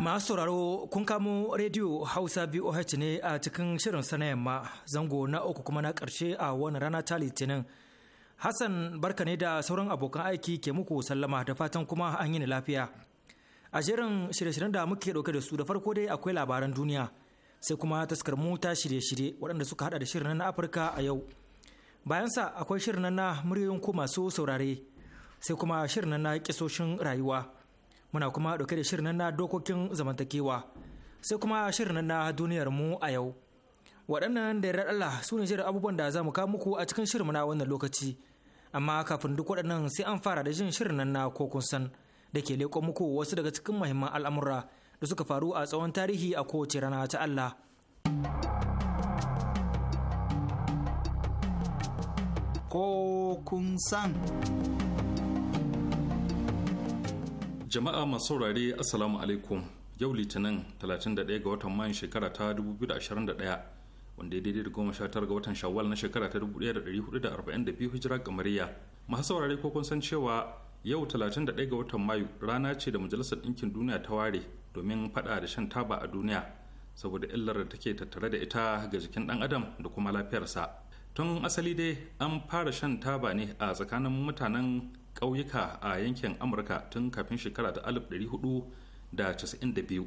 Masu sauraro kun kamo rediyo Hausa biyu BOH ne a cikin shirin sana yamma zango na uku kuma na ƙarshe a wani rana ta litinin. Hassan barka ne da sauran abokan aiki ke muku sallama da fatan kuma an yi lafiya. A jerin shirye-shiryen da muke ɗauke da su da farko dai akwai labaran duniya sai kuma taskar mu ta shirye-shirye waɗanda suka hada da shirin na Afirka a yau. Bayan sa akwai shirin na muryoyin ku masu saurare sai kuma shirin na kisoshin rayuwa. muna kuma ɗauke da shirin na dokokin zamantakewa sai kuma shirin na duniyar mu a yau waɗannan da yarda Allah su ne shirin abubuwan da za mu kawo muku a cikin shirin na wannan lokaci amma kafin duk waɗannan sai an fara da jin shirin na ko kun san da ke leƙo muku wasu daga cikin muhimman al'amura da suka faru a tsawon tarihi a kowace rana ta Allah. Ko kun san. jama'a masu saurare assalamu alaikum yau litinin 31 ga watan mayan shekara ta 2021 wanda ya daidai da goma sha ga watan shawwal na shekara ta 1442 hijira gamariya masu saurare ko kun san cewa yau 31 ga watan mayu rana ce da majalisar ɗinkin duniya ta ware domin faɗa da shan taba a duniya saboda illar da take tattare da ita ga jikin ɗan adam da kuma lafiyarsa tun asali dai an fara shan taba ne a tsakanin mutanen ƙauyuka a yankin amurka tun kafin shekara ta 1492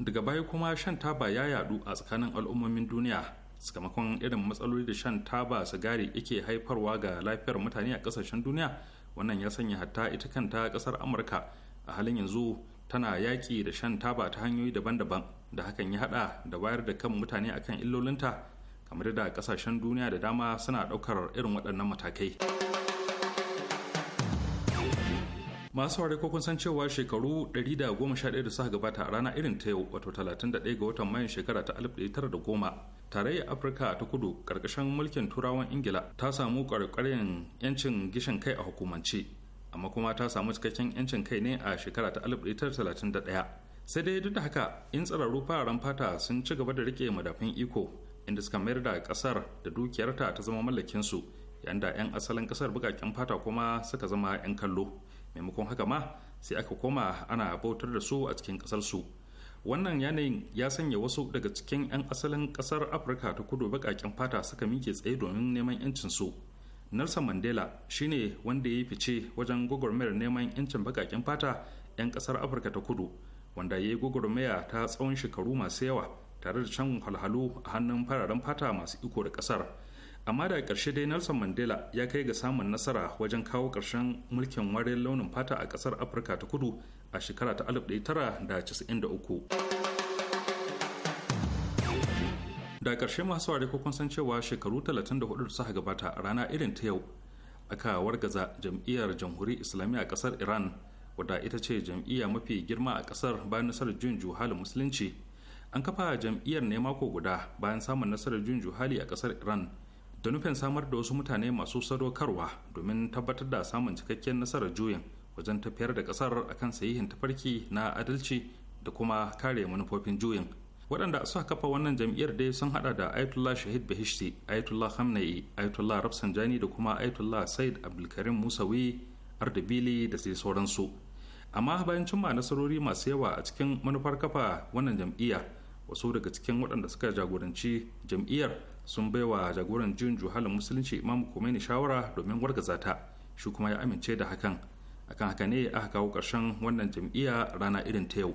daga baya kuma shan taba ya yadu a tsakanin al'ummomin duniya sakamakon irin matsaloli da shan taba sigari yake haifarwa ga lafiyar mutane a ƙasashen duniya wannan ya sanya hatta ita kanta ƙasar amurka a halin yanzu tana yaƙi da shan taba ta hanyoyi daban-daban da hakan ya haɗa da wayar da kan mutane akan illolinta kamar da ƙasashen duniya da dama suna ɗaukar irin waɗannan matakai. masu ware ko kun san cewa shekaru 111 da suka gabata a rana irin ta yau wato 31 ga watan mayan shekara ta 1910 tarayyar afirka ta kudu karkashin mulkin turawan ingila ta samu karkarin yancin gishin kai a hukumance amma kuma ta samu cikakken yancin kai ne a shekara ta 1931 sai dai duk da haka in tsararru fararen fata sun ci gaba da rike madafin iko inda suka mayar da kasar da dukiyarta ta zama mallakinsu yanda 'yan asalin kasar bukakin fata kuma suka zama 'yan kallo maimakon haka ma sai aka koma ana bautar da su a cikin su wannan yanayin ya sanya wasu daga cikin 'yan asalin ƙasar afirka ta kudu baƙaƙen fata suka mike tsaye domin neman 'yancin su nelson mandela shine wanda ya yi fice wajen gwagwarmayar neman 'yancin baƙaƙen fata 'yan ƙasar afirka ta kudu wanda ya yi gwagwarmaya ta tsawon shekaru masu yawa tare da shan halhalu a hannun fararen fata masu iko da ƙasar amma da ƙarshe dai nelson mandela ya kai ga samun nasara wajen kawo ƙarshen mulkin wariyar launin fata a ƙasar afirka ta kudu a shekara ta 1993 da ƙarshe masu ware kun san cewa shekaru 34 da suka gabata a rana irin ta yau aka wargaza jam'iyyar jamhuri islamiyya a ƙasar iran wadda ita ce jam'iyya mafi girma a ƙasar bayan nasarar juyin juhalin musulunci an kafa jam'iyyar ne mako guda bayan samun nasarar juyin juhali a ƙasar iran da nufin samar da wasu mutane masu sadaukarwa domin tabbatar da samun cikakken nasarar juyin wajen tafiyar da kasar akan sahihin tafarki na adalci da kuma kare manufofin juyin waɗanda suka kafa wannan jam'iyyar dai sun hada da ayatollah shahid bahishti ayatollah hamnai ayatollah rafsanjani da kuma ayatollah said abdulkarim musawi ardabili da sai sauransu amma bayan cimma nasarori masu yawa a cikin manufar kafa wannan jam'iyya wasu daga cikin waɗanda suka jagoranci jam'iyyar sun baiwa jagoran jin juhalin musulunci imamu ne shawara domin wargaza ta shi kuma ya amince da hakan akan haka ne aka kawo ƙarshen wannan jam'iyya rana irin ta yau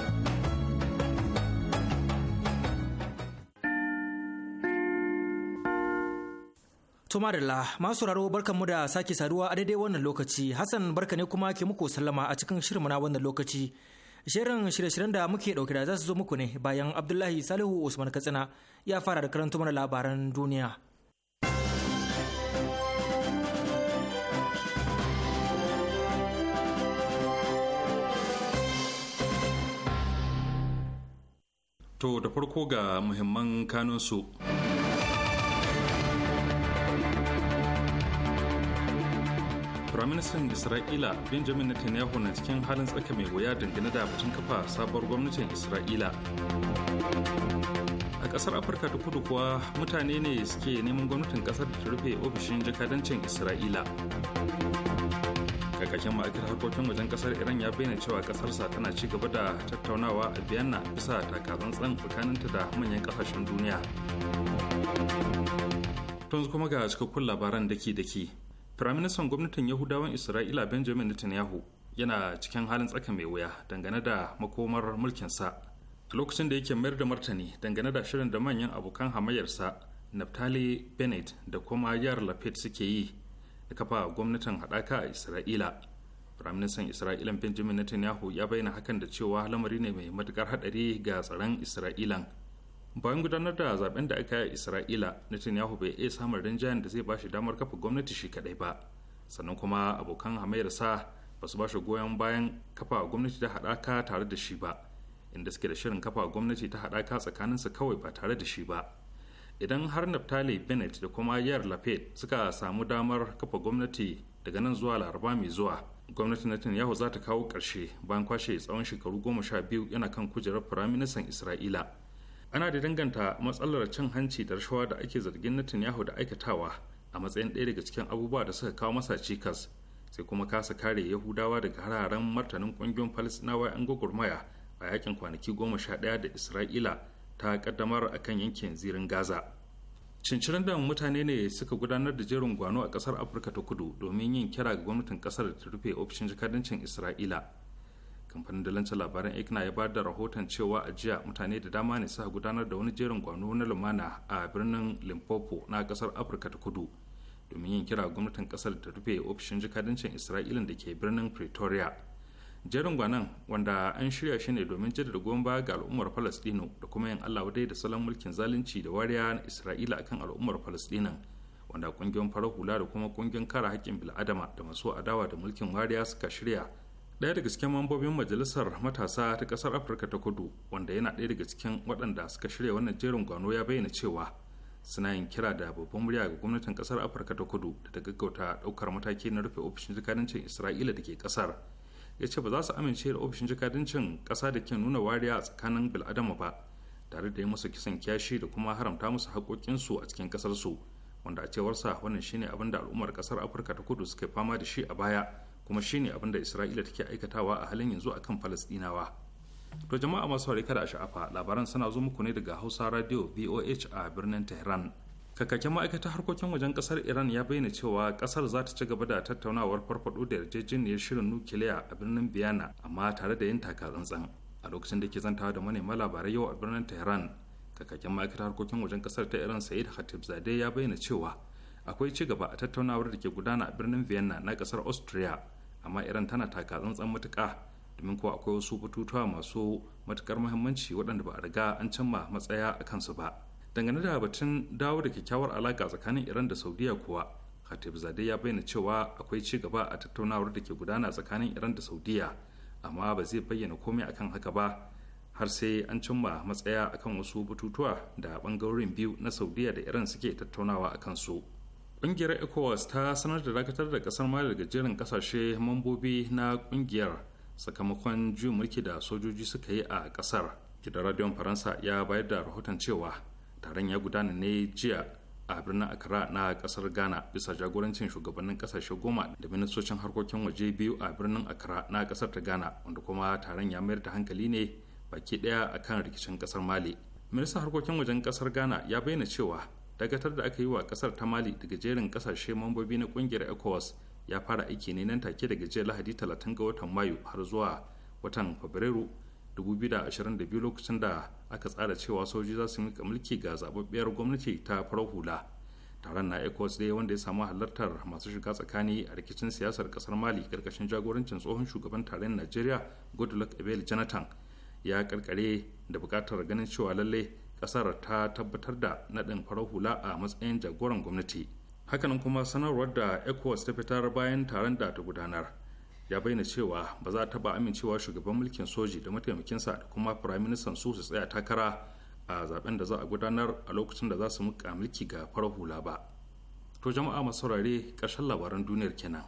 Tumarilla masu raro barkan mu da sake saduwa a daidai wannan lokaci Hassan barka ne kuma ke muku sallama a cikin shirin na wannan lokaci. Shirin shirye-shiryen da muke dauke da za su zo muku ne bayan Abdullahi Salihu Usman Katsina ya fara da karanta mana labaran duniya. To da farko ga muhimman kanunsu ministan isra'ila benjamin netanyahu na cikin halin tsaka mai wuya dangane da batun kafa sabuwar gwamnatin isra'ila a kasar afirka ta kudu kuwa mutane ne suke neman gwamnatin kasar da ta rufe ofishin jakadancin isra'ila kakakin ma'aikatar harkokin wajen kasar iran ya bayyana cewa kasarsa tana ci gaba da tattaunawa a Biyana bisa takatsantsan tsakaninta da manyan kasashen duniya tun kuma ga cikakkun labaran daki-daki firaministan gwamnatin yahudawan isra'ila benjamin netanyahu yana cikin halin tsaka mai wuya dangane da makomar mulkinsa a lokacin da yake mayar da martani dangane da shirin da manyan abokan hamayarsa naftali bennett da kuma yar lafet suke yi da kafa gwamnatin haɗaka a isra'ila firaministan isra'ilan benjamin netanyahu ya bayyana hakan da cewa lamari ne mai matukar haɗari ga tsaron isra'ilan bayan gudanar da zaben da aka yi a isra'ila netanyahu bai iya samun rinjayen da zai bashi damar kafa gwamnati shi kadai ba sannan kuma abokan sa ba su bashi goyon bayan kafa gwamnati ta haɗaka tare da shi ba inda suke da shirin kafa gwamnati ta haɗaka tsakaninsu kawai ba tare da shi ba idan har naftali bennett da kuma yar lafayette suka samu damar kafa gwamnati daga nan zuwa laraba mai zuwa gwamnatin netanyahu za ta kawo ƙarshe bayan kwashe tsawon shekaru goma sha biyu yana kan kujerar firaministan isra'ila ana da danganta matsalar cin hanci da rashawa da ake zargin netanyahu da aikatawa a matsayin ɗaya daga cikin abubuwa da suka kawo masa cikas sai kuma kasa kare yahudawa daga hararen martanin ƙungiyoyin falasinawa 'yan gwagwarmaya a yakin kwanaki goma sha ɗaya da isra'ila ta kaddamar a kan yankin zirin gaza cincirin da mutane ne suka gudanar da jerin gwano a ƙasar afirka ta kudu domin yin kira ga gwamnatin ƙasar da ta rufe ofishin jakadancin isra'ila kamfanin dalancin labaran ikna ya da rahoton cewa a jiya mutane da dama ne suka gudanar da wani jerin gwano na lumana a birnin limpopo na kasar afirka ta kudu domin yin kira gwamnatin kasar ta rufe ofishin jikadancin isra'ilin da ke birnin pretoria jerin gwanon wanda an shirya shi ne domin jaddada goyon baya ga al'ummar falastino da kuma yin allah wadai da salon mulkin zalunci da wariya na isra'ila akan al'ummar falastinin wanda kungiyoyin farar hula da kuma kungiyoyin kara haƙƙin bil'adama da masu adawa da mulkin wariya suka shirya Daya daga cikin mambobin majalisar matasa ta ƙasar afirka ta kudu wanda yana ɗaya daga cikin waɗanda suka shirya wannan jerin gwano ya bayyana cewa suna yin kira da babban murya ga gwamnatin ƙasar afirka ta kudu da ta gaggauta ɗaukar mataki na rufe ofishin jikadancin isra'ila da ke ƙasar ya ce ba za su amince da ofishin jikadancin ƙasa da ke nuna wariya a tsakanin bil'adama ba tare da yi musu kisan kyashi da kuma haramta musu haƙoƙinsu a cikin ƙasarsu wanda a cewarsa wannan shine abin da al'ummar ƙasar afirka ta kudu suka fama da shi a baya kuma shine abin da isra'ila take aikatawa a halin yanzu akan falastinawa to jama'a masu harika da sha'afa labaran suna zo muku ne daga hausa radio voh a birnin tehran kakakken ma'aikatar harkokin wajen kasar iran ya bayyana cewa kasar za ta ci gaba da tattaunawar farfado da yarjejeniyar shirin nukiliya a birnin biyana amma tare da yin taka tsantsan a lokacin da ke zantawa da manema labarai yau a birnin tehran kakakken ma'aikatar harkokin wajen kasar ta iran sa'id Zadeh ya bayyana cewa akwai ci gaba a tattaunawar da ke gudana a birnin vienna na kasar austria amma iran tana taka tsantsan matuka domin kuwa akwai wasu batutuwa masu matukar muhimmanci waɗanda ba a riga an cimma matsaya a kansu ba dangane da batun dawo da kyakkyawar alaka tsakanin iran da saudiya kuwa khatib zade ya bayyana cewa akwai ci gaba a tattaunawar da ke gudana tsakanin iran da saudiya amma ba zai bayyana komai akan haka ba har sai an cimma matsaya akan wasu batutuwa da bangarorin biyu na saudiya da iran suke tattaunawa akan su ƙungiyar ecowas ta sanar da dakatar da ƙasar mali daga jerin ƙasashe mambobi na ƙungiyar sakamakon juyin mulki da sojoji suka yi a ƙasar gidan radiyon faransa ya bayar da rahoton cewa taron ya gudana ne jiya a birnin accra na kasar ghana bisa jagorancin shugabannin ƙasashe goma da ministocin harkokin waje biyu a birnin accra na kasar ta ghana wanda kuma taron ya mayar da hankali ne baki ɗaya akan rikicin ƙasar mali ministan harkokin wajen ƙasar ghana ya bayyana cewa dakatar da aka yi wa kasar ta mali daga jerin kasashe mambobi na kungiyar ecowas ya fara aiki ne nan take daga jiya lahadi 30 ga watan mayu har zuwa watan fabrairu 2022 lokacin da aka tsara cewa soji za su mika mulki ga zababbiyar gwamnati ta farar hula taron na ecowas dai wanda ya samu halartar masu shiga tsakani a rikicin siyasar kasar mali karkashin jagorancin tsohon shugaban tarayyar najeriya goodluck ebele jonathan ya karkare da bukatar ganin cewa lallai kasar ta tabbatar da naɗin farar hula a matsayin jagoran gwamnati hakanan kuma sanarwar da ecowas ta fitar bayan taron da ta gudanar ya bayyana cewa ba za ta ba amincewa shugaban mulkin soji da mataimakinsa da kuma firaministan su su tsaya takara a zaben da za a gudanar a lokacin da za su muka mulki ga farar hula ba to jama'a masu saurare ƙarshen labaran duniyar kenan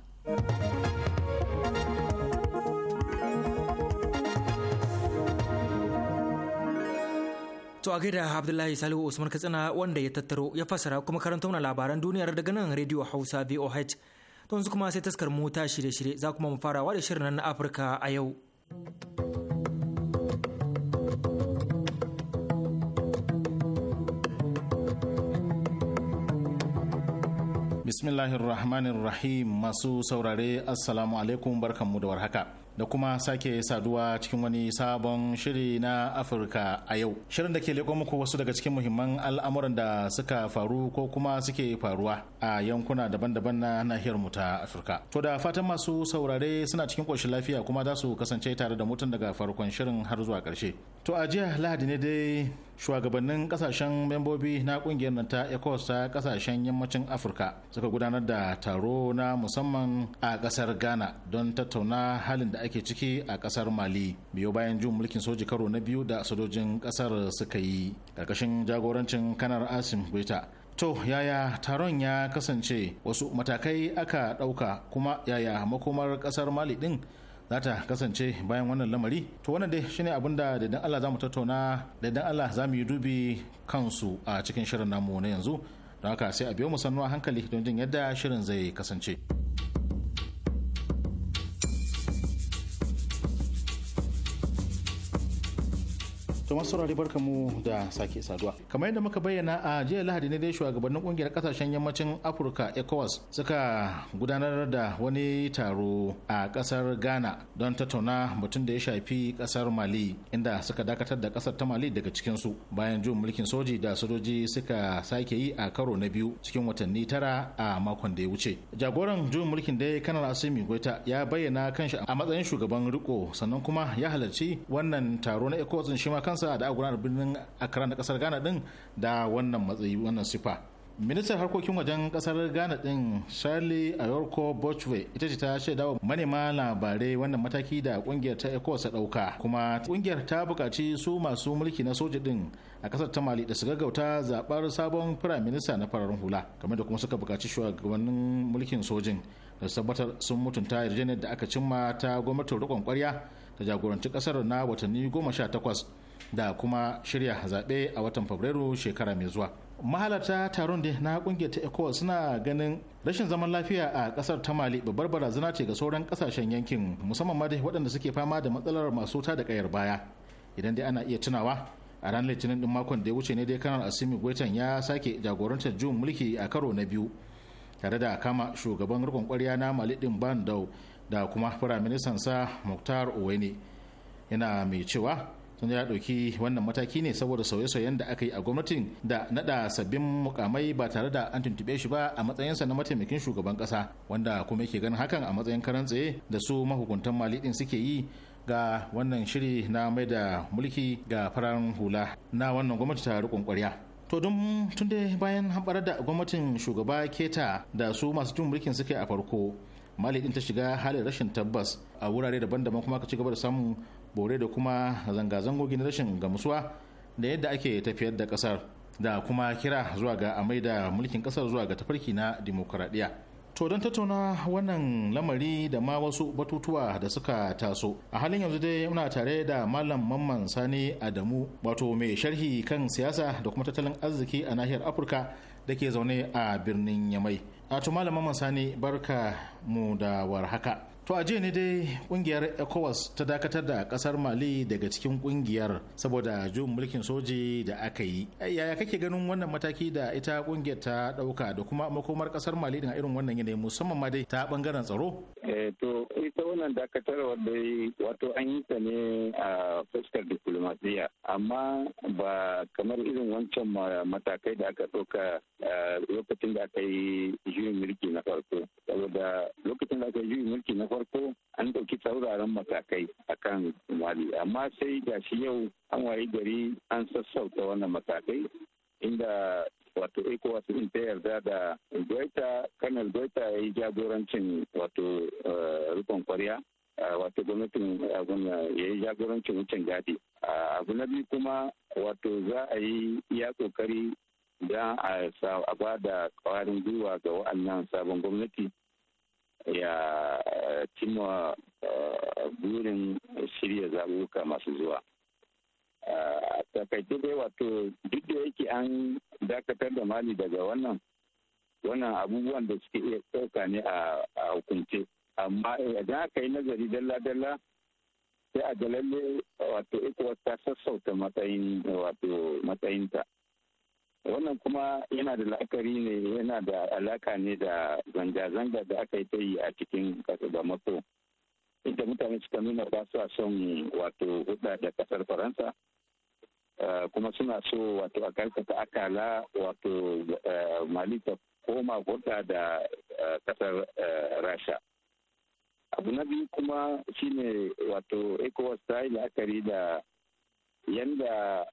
To a gaida Abdullahi Salihu Usman Katsina wanda ya tattaro ya fasara kuma karanta mana labaran duniyar daga nan Radio Hausa VOH. To yanzu kuma sai taskar mu ta shirye-shirye za kuma mu farawa da shirin na Afirka a yau. rahim masu saurare Assalamu alaikum barkanmu da warhaka. da kuma sake saduwa cikin wani sabon shiri na Afirka a yau. Shirin da ke leko muku wasu daga cikin muhimman al'amuran da suka faru ko kuma suke faruwa a yankuna daban-daban na nahiyar mu ta Afirka. To da fatan masu saurare suna cikin ƙoshin lafiya kuma za su kasance tare da mutum daga farkon shirin har zuwa ƙarshe. To a jiya Lahadi ne dai shugabannin kasashen membobi na kungiyar ta ecos ta kasashen yammacin afirka suka gudanar da taro na musamman a kasar ghana don tattauna halin da ake ciki a kasar mali biyo bayan jin mulkin soji karo na biyu da sojojin kasar suka yi karkashin jagorancin kanar asim guita To yaya taron ya kasance wasu matakai aka ɗauka kuma yaya makomar ƙasar Mali din? za ta kasance bayan wannan lamari to wannan dai shine abin da da Allah za mu tattauna da idan Allah za mu yi dubi kansu a cikin shirin namu na yanzu don haka sai a biyo mu sannu a hankali don jin yadda shirin zai kasance. To masu saurari barka mu da sake saduwa. Kamar yadda muka bayyana a jiya Lahadi ne dai shugabannin kungiyar kasashen yammacin Afirka ECOWAS suka gudanar da wani taro a kasar Ghana don tattauna mutum da ya shafi kasar Mali inda suka dakatar da kasar ta Mali daga cikin su bayan jin mulkin soji da sojoji suka sake yi a karo na biyu cikin watanni tara a makon da ya wuce. Jagoran juyin mulkin dai kanar Asimi Goita ya bayyana kanshi a matsayin shugaban riko sannan kuma ya halarci wannan taro na ECOWAS shi ma kansa kasa da aka gudanar birnin Accra na kasar Ghana din da wannan matsayi wannan sifa. Ministan harkokin wajen kasar Ghana din Charlie Ayorko Bochwe ita ce ta shaida wa manema labarai wannan mataki da kungiyar ta ECOWAS dauka kuma kungiyar ta bukaci su masu mulki na soja din a kasar ta mali da su gaggauta zabar sabon prime minister na fararen hula kamar da kuma suka bukaci shugabannin mulkin sojin da su tabbatar sun mutunta yarjejeniyar da aka cimma ta gwamnatin rikon kwarya ta jagoranci kasar na watanni goma sha takwas da kuma shirya zaɓe a watan fabrairu shekara mai zuwa mahalarta taron da na kungiyar ta ecowas suna ganin rashin zaman lafiya a kasar ta mali babbar barazana ce ga sauran kasashen yankin musamman ma da waɗanda suke fama da matsalar masu ta da kayar baya idan dai ana iya tunawa a ranar litinin din makon da ya wuce ne dai kanar asimi gwaitan ya sake jagorantar jun mulki a karo na biyu tare da kama shugaban rikon kwarya na mali din bandau da kuma firaministan sa muktar owene yana mai cewa tunda ya dauki wannan mataki ne saboda sauye-sauyen da aka yi a gwamnatin da nada sabbin mukamai ba tare da an tuntube shi ba a matsayinsa na mataimakin shugaban ƙasa wanda kuma yake ganin hakan a matsayin karan tsaye da su mahukuntan mali ɗin suke yi ga wannan shiri na mai da mulki ga fararen hula na wannan gwamnati ta riƙon ƙwarya to don tun dai bayan hamɓarar da gwamnatin shugaba keta da su masu jin mulkin suka yi a farko mali din ta shiga halin rashin tabbas a wurare daban-daban kuma ka ci gaba da samun bore da kuma zanga zango na rashin gamsuwa da yadda ake tafiyar da kasar da kuma kira zuwa ga amai da mulkin kasar zuwa ga tafarki na dimokuraɗiyya to don tattauna wannan lamari da ma wasu batutuwa da suka taso a halin yanzu dai muna tare da malam mamman sani adamu wato mai sharhi kan siyasa da kuma tattalin arziki a nahiyar afirka da ke zaune a birnin yamai a to malam mamman sani barka mu da warhaka To a jiya ne dai kungiyar ECOWAS ta dakatar da kasar Mali daga cikin kungiyar saboda juyin mulkin soji da aka yi. Eh, yaya kake ganin wannan mataki da ita kungiyar ta dauka da kuma makomar kasar Mali da a irin wannan yanayi musamman ma dai ta bangaren tsaro? Eh to wannan dakatarwar da wato an yi ta ne a fuskar diplomasiya amma ba kamar irin wancan matakai da aka ɗauka lokacin da aka yi juyin mulki na farko saboda lokacin da aka yi juyin mulki na farko an ɗauki tsauraran matakai akan mali amma sai gashi yau an wayi gari an sassauta wannan matakai inda wato ecowas din ta yarda da goita kanal goita ya yi jagorancin wato eh, rufin kwarya eh, wato gwamnatin ya yi jagorancin wucin gadi ah, abu na biyu kuma wato za a yi iya kokari don a ba da kwarin gwiwa ga wa'annan sabon gwamnati ya eh, cimma burin shirya zaɓuɓɓuka masu zuwa a takaice dai wato duk da yake an dakatar da mali daga wannan wannan abubuwan da suke iya tsoka ne a hukunce amma idan aka yi nazari dalla-dalla sai a ga lalle wato ecowas ta sassauta matsayin wato matsayinta wannan kuma yana da la'akari ne yana da alaka ne da zanga-zanga da aka yi ta yi a cikin kasa da mako inda mutane suka nuna ba su son wato hudda da ƙasar faransa Eh, kuma suna so wato a karkata akala wato eh, mali ta koma hulɗa da eh, ƙasar rasha abu na biyu kuma shine wato ecowas ta yi la'akari da yanda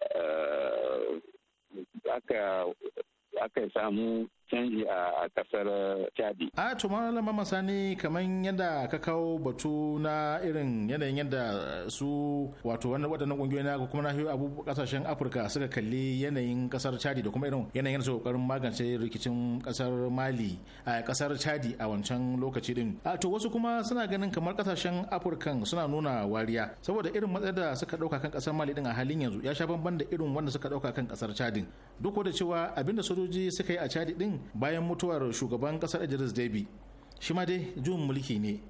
aka samu canji a kasar eh, chadi a to malama masani kamar yadda ka kawo batu na irin yanayin yadda su wato waɗannan ƙungiyoyi na kuma na abu kasashen afirka suka kalli yanayin kasar chadi da kuma irin yanayin su ƙoƙarin magance rikicin kasar mali a kasar chadi a wancan lokaci din a to wasu kuma suna ganin kamar kasashen afirkan suna nuna wariya saboda irin matsayar da suka ɗauka kan kasar mali din a halin yanzu ya sha bamban da irin wanda suka ɗauka kan kasar chadin duk da cewa abinda sojoji suka yi a chadi din bayan mutuwar shugaban kasar Idris Deby shi ma dai juyin mulki ne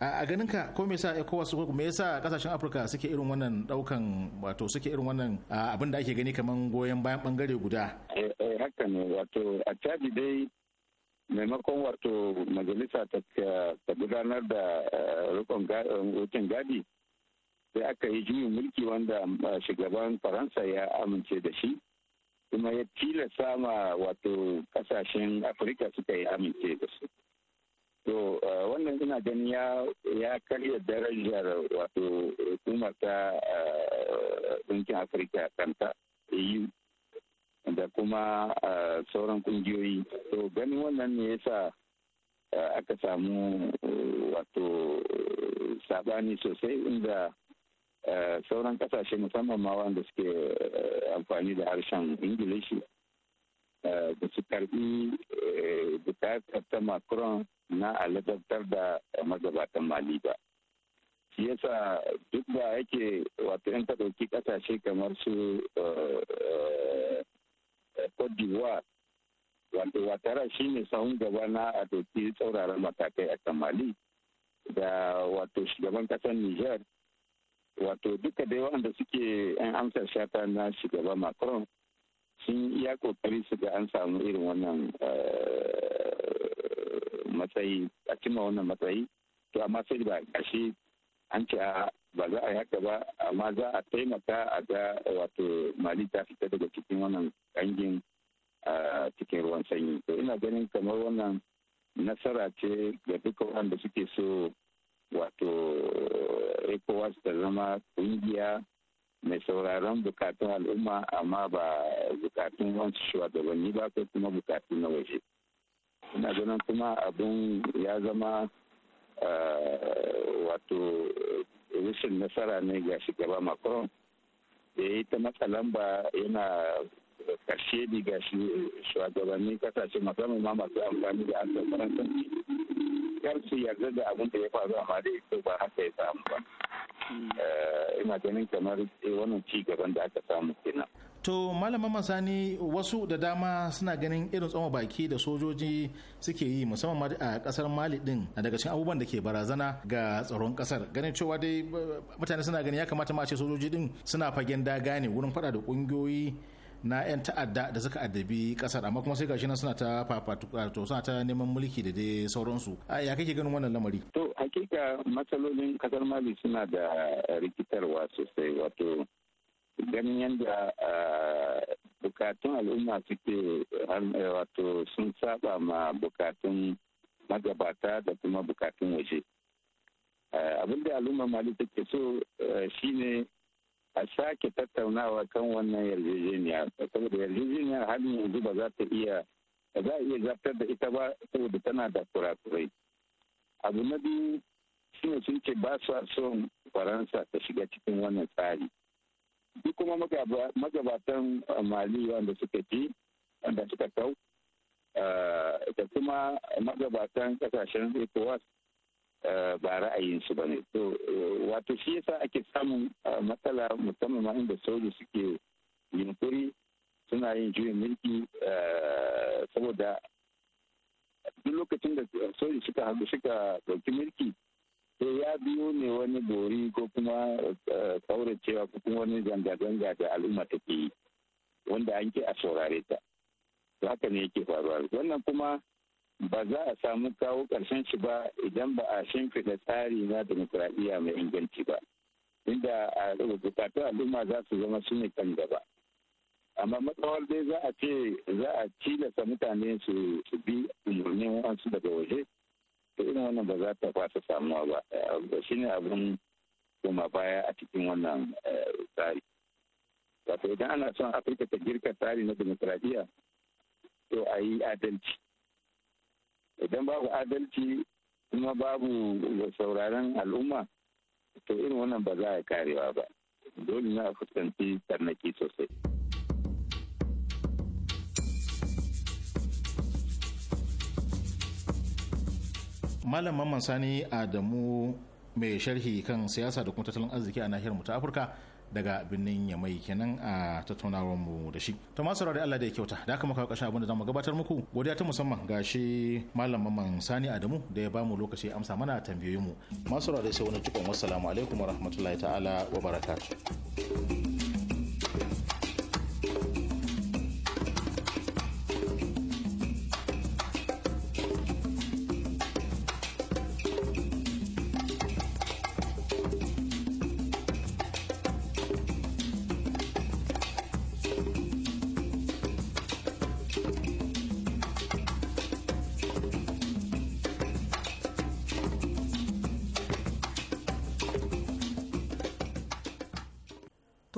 a ganinka ko me yasa ECOWAS ko me yasa kasashen Afirka suke irin wannan daukan wato suke irin wannan abinda ake gani kamar goyon bayan bangare guda eh, eh haka ne wato a dai maimakon wato majalisa ta gudanar da eh, rikon gadi sai aka yi juyin mulki wanda eh, shugaban faransa ya amince da shi kuma ya tilasta ma wato kasashen afirka suka yi amince da su to wannan ina gani ya karya darajar wato hukumar ta ɗinkin afirka kanta eu da kuma sauran kungiyoyi to ganin wannan ne yasa aka samu wato sabani sosai inda Eh, sauran kasashe musamman ma wanda suke eh, amfani da harshen ingilishi da eh, su karbi bukatar ta macron na aladabtar da magabatan mali ba shi yasa duk da yake wato yan ɗauki kasashe kamar su cote wato watara shi ne sahun gaba na a doki tsauraran matakai a kan mali da wato shugaban kasar niger wato duka da yawan da suke yan amsar shata na shugaba macron sun iya kokari su ga an samu irin wannan eh, matsayi a cima wannan matsayi to amma sai ba ƙarshe an ce ba za a yi haka ba amma za a taimaka a ga wato mali ta fita daga cikin wannan ƙangin eh, cikin ruwan sanyi to ina ganin kamar wannan nasara ce ga duka wanda suke so wato ecowas ta zama kungiya mai sauraron bukatun al'umma amma ba bukatun wasu shugabanni ba ko kuma bukatu na waje ina ganin kuma abin ya zama eh, wato rashin nasara ne ga shugaba macron da ya yi ta matsalan ba yana ka ƙarshe ga shi eh, shugabannin kasashe musamman ma masu amfani da harshen faransanci kar su yarda da abin da ya faru amma dai ko ba haka ya samu ba eh, ina ganin kamar eh, wannan ci gaban da aka samu kenan to malaman masani wasu da dama suna ganin irin tsoma baki da sojoji suke yi musamman a kasar mali din daga cikin abubuwan da ke barazana ga tsaron kasar ganin cewa dai mutane suna ganin ya kamata ma ce sojoji din suna fagen daga ne wurin fada da kungiyoyi na 'yan ta'adda da suka addabi kasar amma kuma sai gashi nan suna ta fafatuka to suna ta neman mulki da dai sauransu ya kake ganin wannan lamari to hakika matsalolin kasar mali suna da rikitarwa sosai wato ganin yadda bukatun al'umma suke wato sun saba ma bukatun magabata da kuma bukatun waje abinda al'umma mali take so shine a sake tattaunawa kan wannan yarjejeniya saboda yarjejeniyar har yanzu ba za ta iya ba za a iya zartar da ita ba saboda tana da kurakurai abu na biyu shine sun ce ba su son faransa ta shiga cikin wannan tsari duk kuma magabatan eh, mali wanda suka ci wanda suka kau eh, da kuma magabatan kasashen ecowas Eh, ba ra'ayin ra'ayinsu ba ne. Eh, wato shi yasa ake samun eh, matsala musamman ma inda soja suke yunkuri suna yin juyin mulki saboda duk lokacin da soja suka hagu suka dauki mulki sai ya biyo ne wani bori ko kuma kauracewa ko kuma wani zanga-zanga da al'umma take yi wanda an ke a saurare ta. Haka ne yake faruwa. Wannan kuma ba za a samu kawo ƙarshen shi ba idan ba a shimfiɗa tsari na demokuraɗiyya mai inganci ba inda a bukatun al'umma za su zama su ne kan gaba amma matsawar dai za a ce za a tilasta mutane su bi umarnin wasu daga waje to irin wannan ba za ta fasa samuwa ba eh, shi ne abin koma baya a cikin wannan eh, tsari wato idan ana son afirka ta girka tsari na demokuraɗiyya to a yi adalci idan babu adalci kuma babu sauraron al'umma to irin wannan ba za a karewa ba dole na fuskanci tarnaki sosai malaman sani adamu mai sharhi kan siyasa da kuma tattalin arziki a nahiyar mu ta afirka daga birnin yamai kenan a tattaunawar mu da shi to masu da Allah da ya kyauta da aka kawo kashi abin da zamu gabatar muku godiya ta musamman ga shi malam mamman sani adamu da ya bamu lokaci amsa mana tambayoyin mu masu da sai wani cikon wassalamu alaikum warahmatullahi ta'ala wa barakatuh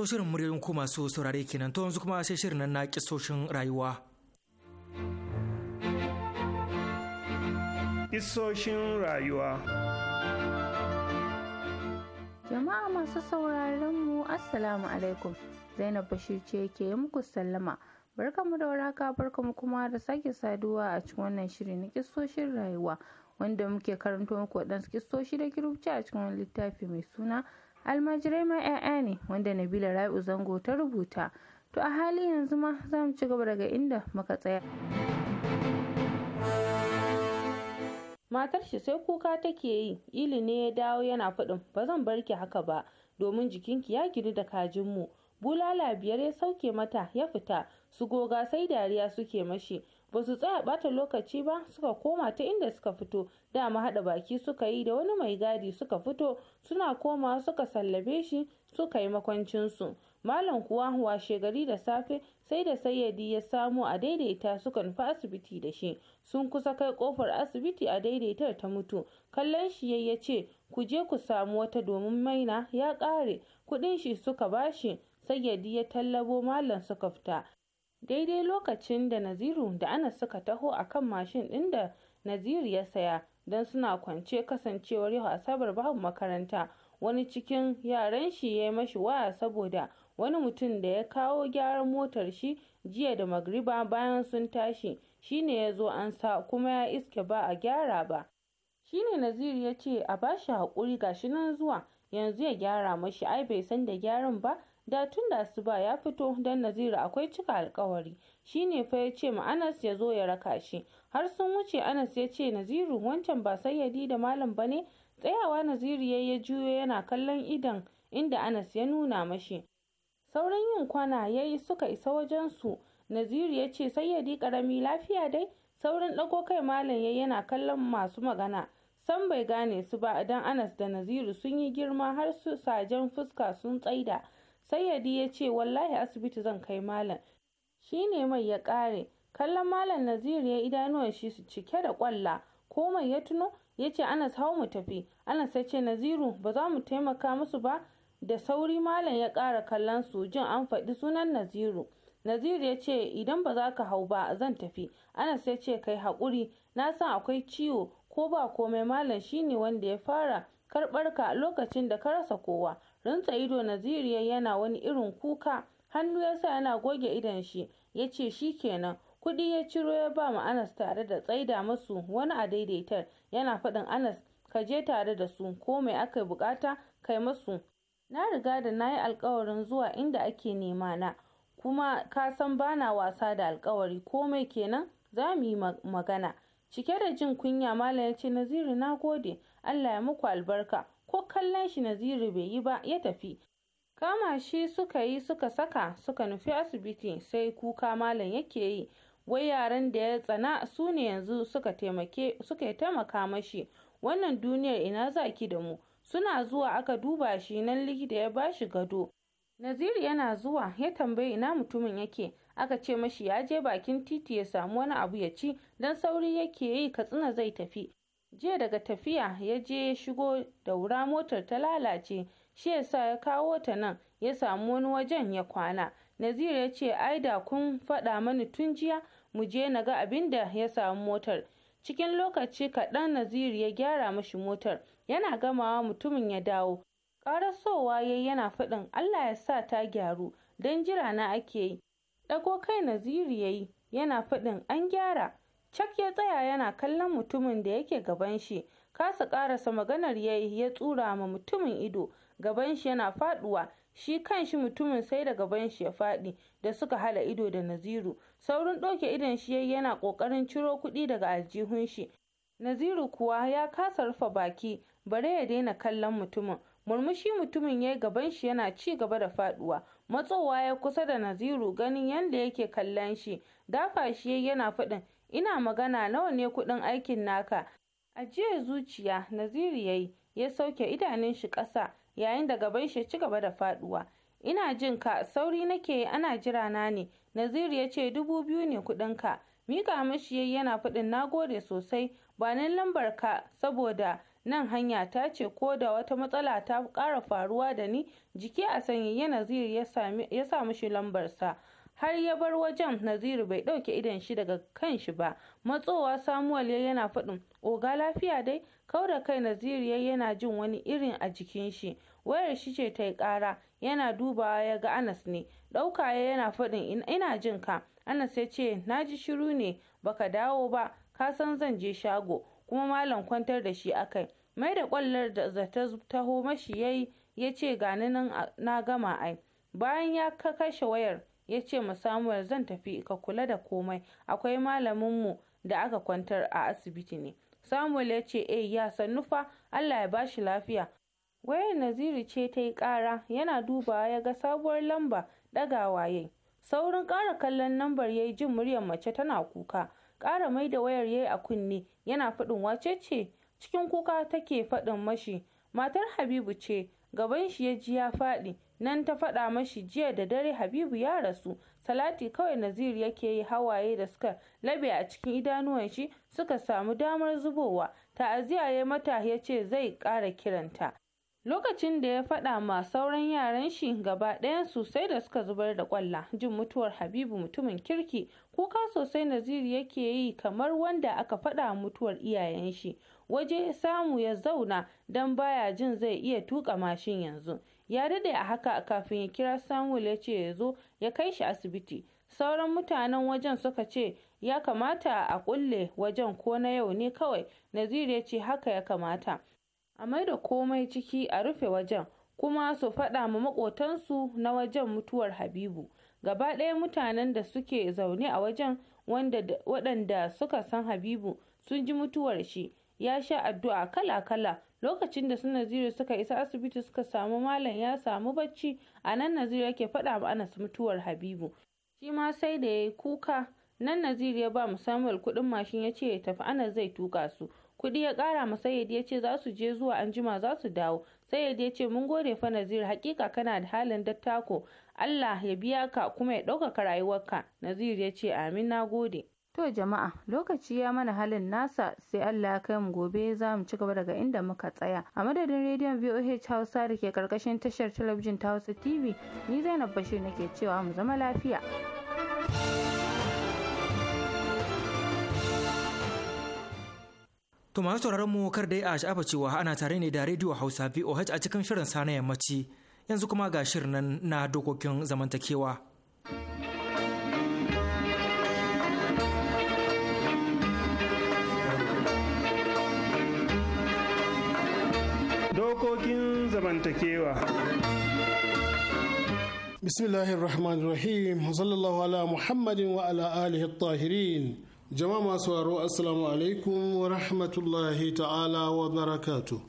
To shirin muryoyin ku masu saurare kenan to yanzu kuma sai shirin nan na kisoshin rayuwa. Kisoshin rayuwa. Jama'a masu sauraron mu Assalamu alaikum Zainab Bashir ce ke muku sallama. Barkamu da waraka barkamu kuma da sake saduwa a cikin wannan shiri na kisoshin rayuwa wanda muke karanto muku waɗansu kisoshi da kirubci a cikin wani littafi mai suna almajirai ma 'ya'ya ne wanda nabila rai'u zango ta rubuta to a hali yanzu ma za mu ci gaba daga inda muka tsaya matar shi sai kuka take yi ili ne ya dawo yana faɗin ba zan bar ki haka ba domin jikinki ya gidu da kajin mu bulala biyar ya sauke mata ya fita su goga sai dariya suke mashi ba su tsaya bata lokaci ba suka koma ta inda suka fito dama haɗa baki suka yi da wani mai gadi suka fito suna koma suka sallabe shi suka yi makwancinsu malam kuwa washe gari da safe sai da sayyadi ya samu a daidaita suka nufi asibiti da shi sun kusa kai kofar asibiti a daidaitar ta mutu kallon shi ya ce ku je ku samu wata domin maina ya ƙare kuɗin shi suka bashi sayyadi ya tallabo malam suka fita daidai lokacin da Naziru da Anas suka taho a kan mashin ɗin da Naziru ya saya don suna kwance kasancewar yau Asabar babu makaranta wani cikin yaran shi ya yi mashi waya saboda wani mutum da ya kawo gyaran motar shi jiya da magriba bayan sun tashi shine ya zo an sa kuma ya iske ba a gyara ba shine Naziru ya ce a ba shi haƙuri gashi nan zuwa yanzu ya gyara mashi ai bai san da gyaran ba da tun da asuba ya fito don Naziru akwai cika alkawari shine fa ya ce ma Anas ya zo ya raka shi har sun wuce Anas ya ce Naziru wancan ba sayyadi da malam bane tsayawa Naziru ya ya juyo yana kallon idan inda Anas ya nuna mashi sauran yin kwana yayi suka isa wajen su Naziru ya ce sayyadi karami lafiya dai saurin ɗago kai malam ya yana kallon masu magana san bai gane su ba dan Anas da Naziru sun yi girma har su sajen fuska sun tsaida sai yadi ya ce wallahi asibiti zan kai malam shi ne mai ya ƙare kallon malam naziru ya idanuwan shi su cike da ƙwalla mai ya tuno ya ce anas hau mu tafi anas ya ce naziru ba za mu taimaka musu ba da sauri malam ya ƙara kallon su jin an faɗi sunan naziru naziru ya ce idan ba za ka hau ba zan tafi anas ya ce kai haƙuri na san akwai ciwo ko ba komai malam shine wanda ya fara karɓar ka lokacin da ka rasa kowa rantsa ido Nazir yana wani irin kuka, hannu ya sa yana goge idon shi, ya ce shi kenan, kuɗi ya ciro ya ba ma Anas tare da tsaida masu wani a daidaitar yana faɗin Anas ka je tare da su ko mai aka buƙata kai masu. Na riga da na yi alkawarin zuwa inda ake nema na, kuma ka san bana wasa da alkawari komai kenan za mu yi magana. Cike da jin kunya Malam ya ce Naziru na gode, Allah ya muku albarka. ko kallon shi Naziru bai yi ba ya tafi. Kama shi suka yi suka saka suka nufi asibiti sai kuka malam yake yi wai yaran da ya tsana su ne yanzu suka taimake suka taimaka mashi wannan duniyar ina za ki da mu suna zuwa aka duba shi nan likita ya shi gado Naziru yana zuwa ya tambayi ina mutumin yake aka ce mashi ya je bakin titi ya samu wani abu ya ci dan sauri yake yi katsina zai tafi jiya daga tafiya ya je ya shigo wura motar ta lalace shi yasa ya kawo ta nan ya samu wani wajen ya kwana naziru ya ce ai da kun faɗa mani tun jiya mu je na ga abin da ya samu motar cikin lokaci kaɗan naziru ya gyara mashi motar yana gamawa mutumin ya dawo ƙarasowa ya yi yana faɗin Allah ya sa ta gyaru don jira na ake yi ɗago kai naziru ya yi yana faɗin an gyara Cak ya tsaya yana kallon mutumin da yake gaban shi, kasa karasa maganar yayi ya tsura ma mutumin ido, gaban shi yana faduwa, shi kan shi mutumin sai da gaban shi ya fadi da suka hada ido da Naziru. Saurin ɗauke idon shi yayi yana kokarin ciro kuɗi daga aljihun shi. Naziru kuwa ya kasa rufe baki, bare ya daina kallon mutumin. Murmushi mutumin yayi gaban shi yana ci gaba da faduwa. Matsowa ya kusa da Naziru ganin yanda yake kallon shi, dafa shi yana faɗin ina magana nawa ne kudin aikin naka ajiye zuciya naziru yayi ya sauke idanun shi ƙasa yayin da gaban shi ci gaba da faduwa ina jin ka sauri nake ana jira na ne naziru ya ce dubu biyu ne kuɗin ka mika mashi yayi yana faɗin nagode sosai ba nan lambar ka saboda nan hanya ta ce ko da wata matsala ta ƙara faruwa da ni jiki a sanyi ya naziru ya sa mishi lambarsa har ya bar wajen naziru bai ɗauke idon shi daga kan shi ba matsowa samuwal ya yana faɗin oga lafiya dai kau da kai naziru ya yana jin wani irin a jikin shi wayar shi ce ta yi ƙara yana dubawa ya ga anas ne ɗauka ya yana faɗin ina jin ka anas ya ce na ji shiru ne baka dawo ba ka san zan je shago kuma malam kwantar da shi akai mai da kwallar da zata taho mashi yayi ya ce gani na gama ai bayan ya kashe wayar ya ce ma Samuel zan tafi ka kula da komai akwai malaminmu da aka kwantar a asibiti ne. Samuel ya ce eh ya sannu fa Allah ya bashi lafiya. Wayar Naziru ce ta yi ƙara yana dubawa ya ga sabuwar lamba ɗagawa yayi. Saurin ƙara kallon lambar yayi jin muryar mace tana kuka. Ƙara mai da wayar yayi a kunne yana faɗin wacece cikin kuka take faɗin mashi matar Habibu ce gaban shi ya ji ya faɗi nan ta faɗa mashi jiya da dare habibu ya rasu salati kawai nazir yake yi hawaye da suka labe a cikin idanuwan shi suka samu damar zubowa ta'aziyar ya mata ya ce zai ƙara kiranta lokacin da ya faɗa ma sauran yaran shi gaba ɗayan sosai da suka zubar da ƙwalla jin mutuwar habibu mutumin kirki kuka sosai nazir yake yi kamar wanda aka faɗa mutuwar iyayen shi waje samu ya zauna don baya jin zai iya tuƙa mashin yanzu ya daɗe a haka kafin ya kira samuel ya ce ya zo ya kai shi asibiti sauran mutanen wajen suka ce ya kamata a kulle wajen ko na yau ne kawai nazir ya ce haka ya kamata a maida komai ciki a rufe wajen kuma su faɗa ma makotansu na wajen mutuwar habibu gaba ɗaya mutanen da suke zaune a wajen waɗanda suka san habibu sun ji mutuwar shi ya sha addu'a kala-kala lokacin da su naziru suka isa asibiti suka samu malam ya samu bacci a nan naziru yake faɗa ma anas mutuwar habibu shi ma sai da ya yi kuka nan naziru ya ba musamman kuɗin mashin ya ce ya tafi anas zai tuka su kuɗi ya ƙara ma sayyid ya ce za su je zuwa anjima za su dawo sayyid ya ce mun gode fa naziru hakika kana da halin dattako allah ya biya ka kuma ya ɗaukaka rayuwarka naziru ya ce amin na gode To jama'a lokaci ya mana halin nasa sai Allah ya kai mu gobe za mu ci gaba daga inda muka tsaya. A madadin rediyon VOH Hausa da ke karkashin tashar talabijin ta Hausa TV ni Zainab Bashir nake cewa mu zama lafiya. To masu sauraron mu kar dai a sha'afa cewa ana tare ne da rediyo Hausa VOH a cikin shirin sa na yammaci yanzu kuma ga shirin na dokokin zamantakewa. dokokin zamantakewa bismillahir rahmanir rahim sallallahu ala muhammadin wa ala alihi tahirin jama'a masu waro assalamu alaikum wa rahmatullahi ta'ala wa barakatu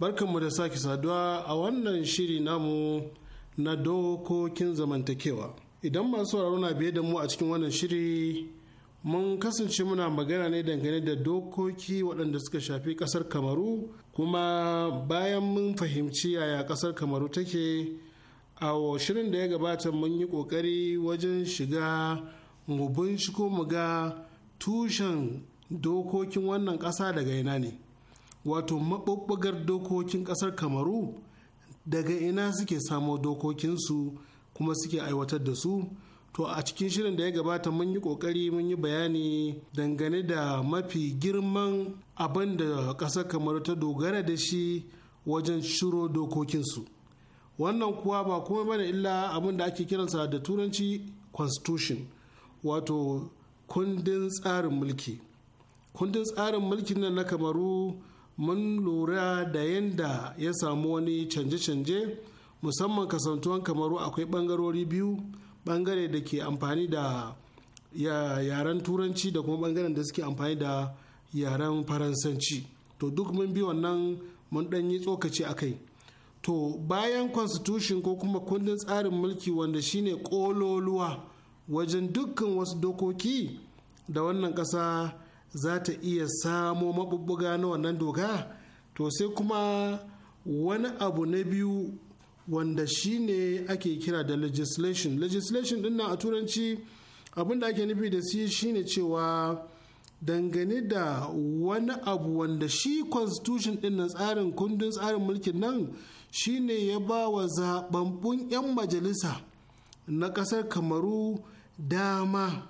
barkanmu da sake saduwa a wannan shiri namu na dokokin zamantakewa idan masu waro na biye da mu a cikin wannan shiri mun kasance muna magana ne dangane da dokoki waɗanda suka shafi ƙasar kamaru kuma bayan mun fahimci yaya kasar kamaru take a shirin da ya gabata mun yi kokari wajen shiga mu binciko mu ga tushen dokokin wannan ƙasa daga ina ne wato maɓuɓɓugar dokokin ƙasar kamaru daga ina suke samo dokokinsu kuma suke aiwatar da su To a cikin shirin da ya gabata mun yi kokari mun yi bayani dangane da mafi girman abin da ƙasar kamar ta dogara da shi wajen shiro dokokinsu. Wannan kuwa ba kuma bane illa abin da ake kiransa da turanci constitution wato kundin tsarin mulki. Kundin tsarin mulkin nan na kamaru mun lura da yadda ya samu wani canje-canje musamman kasantuwan kamaru akwai bangarori biyu. bangare da ke amfani da yaren turanci da kuma bangaren da suke amfani da yaren faransanci to duk mun bi wannan mun dan yi tsokaci a kai to bayan constitution ko kuma kundin tsarin mulki wanda shine kololuwa wajen dukkan wasu dokoki da wannan ƙasa za ta iya samo maɓuɓɓuga na wannan doka to sai kuma wani abu na biyu wanda shine ake kira da legislation legislation din nan a turanci abinda ake nufi da shi shine cewa dangane da wani abu wanda shi constitution din na tsarin kundin tsarin mulkin nan shine ya ba wa zababbun 'yan majalisa na ƙasar kamaru dama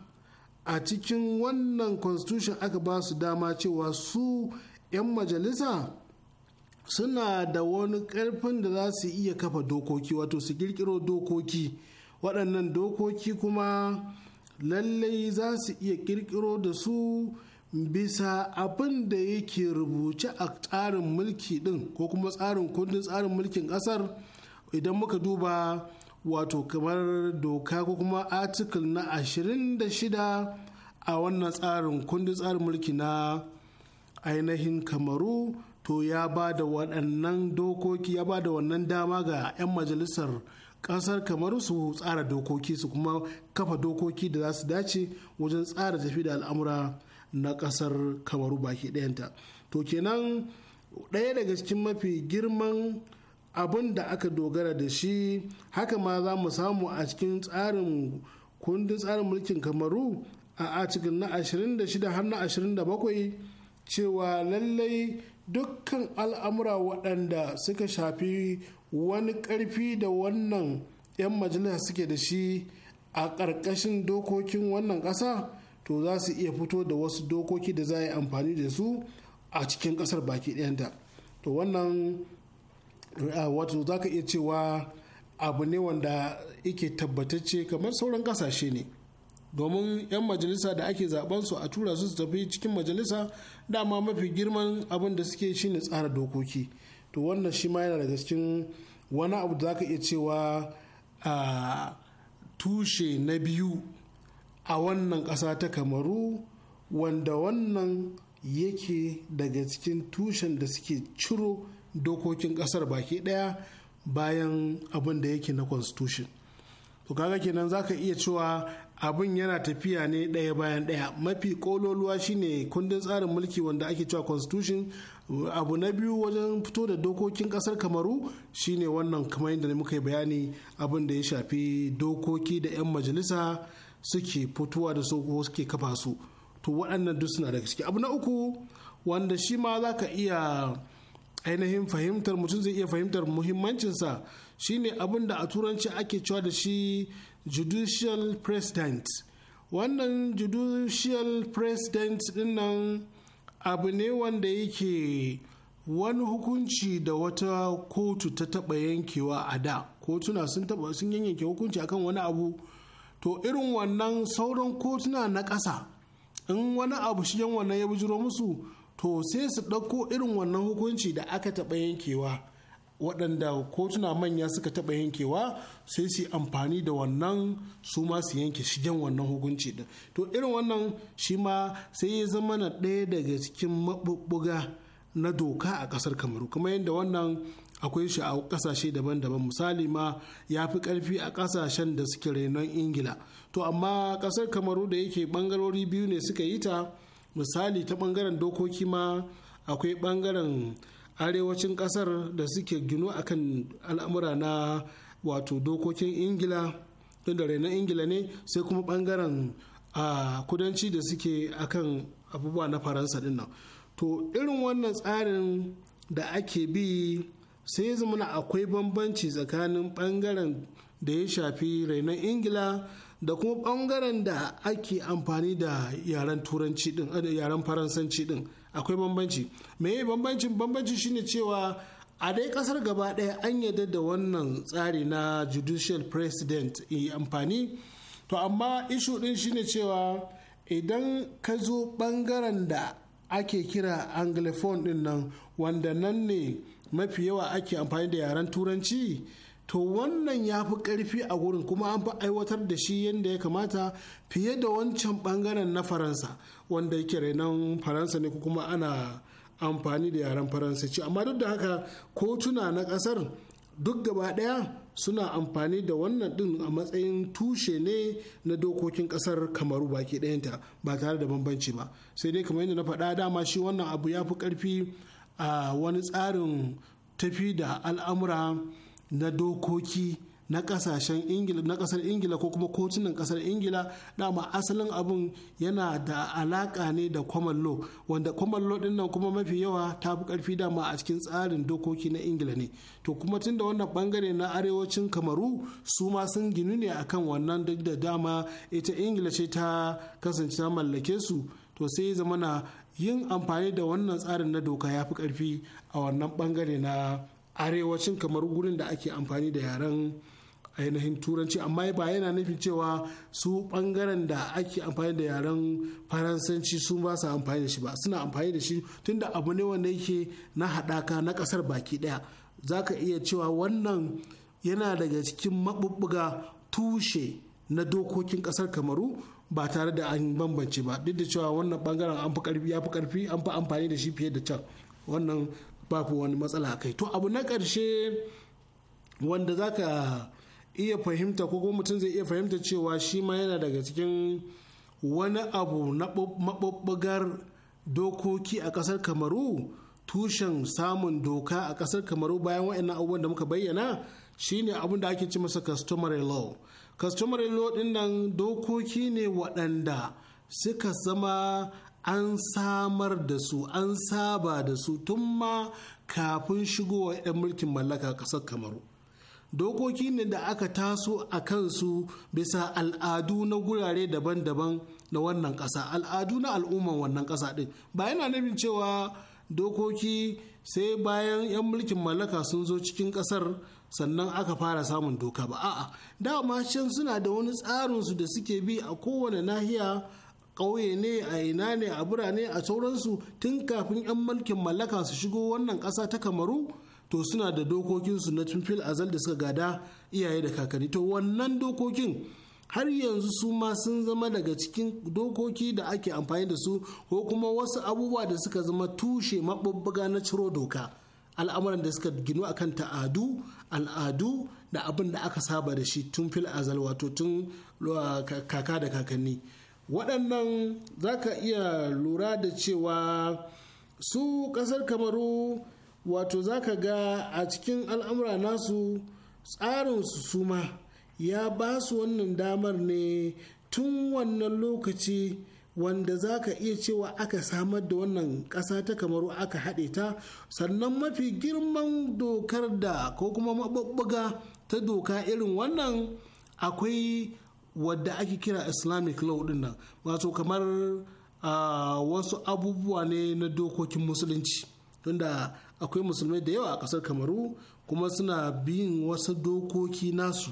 a cikin wannan constitution aka ba su dama cewa su 'yan majalisa suna da wani ƙarfin da za su iya kafa dokoki wato su ƙirƙiro dokoki waɗannan dokoki kuma lallai za su iya ƙirƙiro da su bisa abin da yake rubuce a tsarin mulki ɗin ko kuma tsarin kundin tsarin mulkin ƙasar idan muka duba wato kamar doka ko kuma article na 26 a wannan tsarin kundin tsarin mulki na ainihin kamaru to ya ba da waɗannan dokoki ya ba da wannan dama ga 'yan majalisar ƙasar kamar su tsara dokoki su kuma kafa dokoki da za su dace wajen tsara tafi da al'amura na ƙasar kamaru baki ɗayanta to kenan ɗaya daga cikin mafi girman abin da aka dogara da shi haka ma za mu samu a cikin tsarin kundin tsarin mulkin kamaru a cikin na 26 har na 27 cewa lallai dukkan al'amura waɗanda suka shafi wani ƙarfi da wannan 'yan majalisa suke da shi a ƙarƙashin dokokin wannan ƙasa to za su iya fito da wasu dokoki da za a yi amfani da su a cikin ƙasar baki ɗayanta to wannan wato za ka iya cewa abu ne wanda yake tabbatacce kamar sauran ƙasashe ne. domin 'yan majalisa da ake zaben su a tura su su tafi cikin majalisa dama mafi girman abin da suke shine tsara dokoki to wannan shi ma yana daga cikin wani abu da zaka iya cewa a tushe na biyu a wannan ƙasa ta kamaru wanda wannan yake daga cikin tushen da suke ciro dokokin ƙasar baki ɗaya bayan abin da yake na constitution to kaga kenan zaka iya cewa abin yana tafiya ne ɗaya bayan ɗaya mafi ƙololuwa shine kundin tsarin mulki wanda ake cewa constitution abu na biyu wajen fito da dokokin ƙasar kamaru shine wannan kamar yadda muka yi bayani abin da ya shafi dokoki da 'yan majalisa suke fitowa da su ko suke kafa su to waɗannan duk suna daga ciki abu na uku wanda shi ma za ka iya ainihin fahimtar mutum zai iya fahimtar muhimmancinsa shine abin da a turanci ake cewa da shi judicial president wannan judicial president dinnan abu ne wanda yake wani hukunci da wata kotu ta taba yankewa a da kotuna sun taba sun yanke hukunci akan wani abu to irin wannan sauran kotuna na ƙasa in wani abu shigen wannan ya bujiro musu to sai su ɗauko irin wannan hukunci da aka taɓa yankewa waɗanda kotuna manya suka taɓa yankewa sai su amfani da wannan su ma su yanke shigen wannan hukunci din to irin wannan shi ma sai ya zama na ɗaya daga cikin maɓuɓɓuga na doka a ƙasar kamaru kuma yadda wannan akwai shi a ƙasashe daban-daban misali ma ya fi ƙarfi a ƙasashen da suke renon ingila to amma ƙasar kamaru da yake ɓangarori biyu ne suka yi ta misali ta ɓangaren dokoki ma akwai ɓangaren arewacin kasar da suke ginu akan al'amura na wato dokokin ingila inda rena ingila ne sai kuma bangaren a kudanci da suke akan abubuwa na faransa din to irin wannan tsarin da ake bi sai zamana akwai bambanci tsakanin bangaren da ya shafi rainon ingila da kuma bangaren da ake amfani da yaren yaren faransanci din akwai bambanci me bambancin shi shine cewa a dai kasar gaba ɗaya an yarda da wannan tsari na judicial president yi amfani to amma ishu din shine cewa idan ka zo bangaren da ake kira anglophone din nan wanda nan ne mafi yawa ake amfani da yaren turanci to wannan ya fi ƙarfi a gurin kuma an fi aiwatar da shi yadda ya kamata fiye da wancan bangaren na faransa wanda yake renon faransa ne kuma ana amfani da yaren ce, amma duk da haka kotuna na ƙasar duk gaba ɗaya suna amfani da wannan ɗin a matsayin tushe ne na dokokin ƙasar kamaru baki ɗayanta ba tare da bambanci ba sai dai kamar yadda na faɗa dama shi wannan abu ya fi ƙarfi a wani tsarin tafi da al'amura na dokoki na kasashen ingila na kasar ingila ko kuma kotunan kasar ingila dama asalin abun yana da alaka ne da common law wanda common law din kuma mafi yawa ta fi karfi dama a cikin tsarin dokoki na ingila ne to kuma tun da wannan bangare na arewacin kamaru su ma sun ginu ne akan wannan duk da dama ita ingila ce ta kasance ta mallake su to sai ya zamana yin amfani da wannan tsarin na doka ya fi karfi a wannan bangare na arewacin kamar gurin da ake amfani da yaren ainihin turanci amma ba yana nufin cewa su bangaren da ake amfani da yaren faransanci sun ba su amfani da shi ba suna amfani da shi tunda abu ne wanda yake na haɗaka na ƙasar baki ɗaya za ka iya cewa wannan yana daga cikin maɓuɓɓuga tushe na dokokin ƙasar kamaru ba tare da an bambance ba duk da cewa wannan bangaren an fi ƙarfi ya fi ƙarfi an fi amfani da shi fiye da can wannan babu wani matsala a kai to abu na ƙarshe wanda za ka iya fahimta ko kuma mutum zai iya fahimta cewa shi ma yana daga cikin wani abu na dokoki a ƙasar kamaru tushen samun doka a ƙasar kamaru bayan waɗannan abubuwan da muka bayyana shine abin da ake ci masa customary law customary law ɗin dokoki ne waɗanda suka zama an samar da su an saba da su tun ma kafin shigowa 'yan mulkin mallaka ƙasar kamaru dokoki ne da aka taso a kansu bisa al'adu na gurare daban-daban na wannan ƙasa al'adu na al'umman wannan ƙasa ɗin ba yana nufin cewa dokoki sai bayan 'yan mulkin mallaka sun zo cikin ƙasar sannan aka fara samun doka ba a'a dama can suna da wani tsarinsu da suke bi a kowane nahiya ƙauye ne a ina ne a birane a sauransu tun kafin 'yan mulkin mallaka su shigo wannan ƙasa ta kamaru to suna da dokokinsu na tun azal da suka gada iyaye da kakanni to wannan dokokin har yanzu su ma sun zama daga cikin dokoki da ake amfani da su ko kuma wasu abubuwa da suka zama tushe maɓuɓɓuga na ciro doka al'amuran da suka ginu akan ta'adu al'adu da abin da aka saba da shi tun fil azal wato tun ah, kaka da kakanni waɗannan za ka iya lura da cewa su ƙasar kamaru wato za ka ga a cikin al'amura nasu su suma ya ba su wannan damar ne tun wannan lokaci wanda za ka iya cewa aka samar da wannan ƙasa ta kamaru aka haɗe ta sannan mafi girman dokar da ko kuma mabubbuga ta doka irin wannan akwai wadda ake kira islamic law din nan wato kamar wasu abubuwa ne na dokokin musulunci tunda akwai musulmai da yawa a kasar kamaru kuma suna biyin wasu dokoki nasu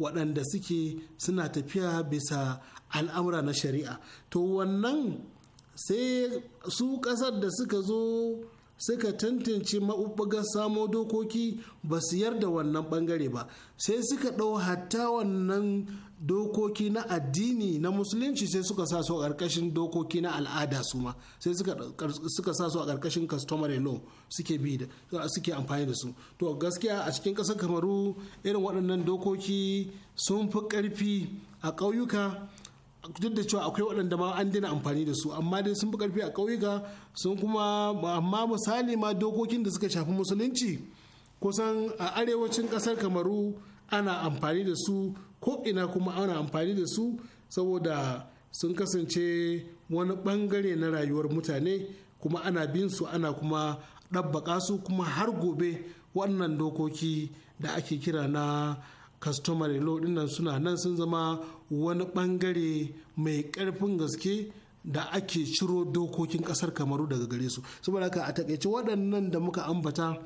waɗanda suke suna tafiya bisa al'amura na shari'a to wannan sai su ƙasar da suka zo suka tantance maɓuɓɓugar samo dokoki ba su yarda wannan ɓangare ba sai suka ɗau hatta wannan dokoki na addini na musulunci sai suka sa su a ƙarƙashin dokoki na al'ada su ma sai suka sa su a ƙarƙashin customary law suke bi da suke amfani da su to gaskiya a cikin ƙasar kamaru irin waɗannan dokoki sun fi ƙarfi a ƙauyuka duk da cewa akwai waɗanda ma an dina amfani da su amma dai sun fi ƙarfi a ƙauyuka sun kuma amma misali ma dokokin da suka shafi musulunci kusan a arewacin ƙasar kamaru ana amfani da su ko ina kuma ana amfani da su saboda sun kasance wani bangare na rayuwar mutane kuma ana bin su ana kuma ɗabbaƙa su kuma har gobe wannan dokoki da ake kira na customary law dinnan suna nan sun zama wani bangare mai ƙarfin gaske da ake ciro dokokin ƙasar kamaru daga gare su saboda haka a takaice waɗannan da muka ambata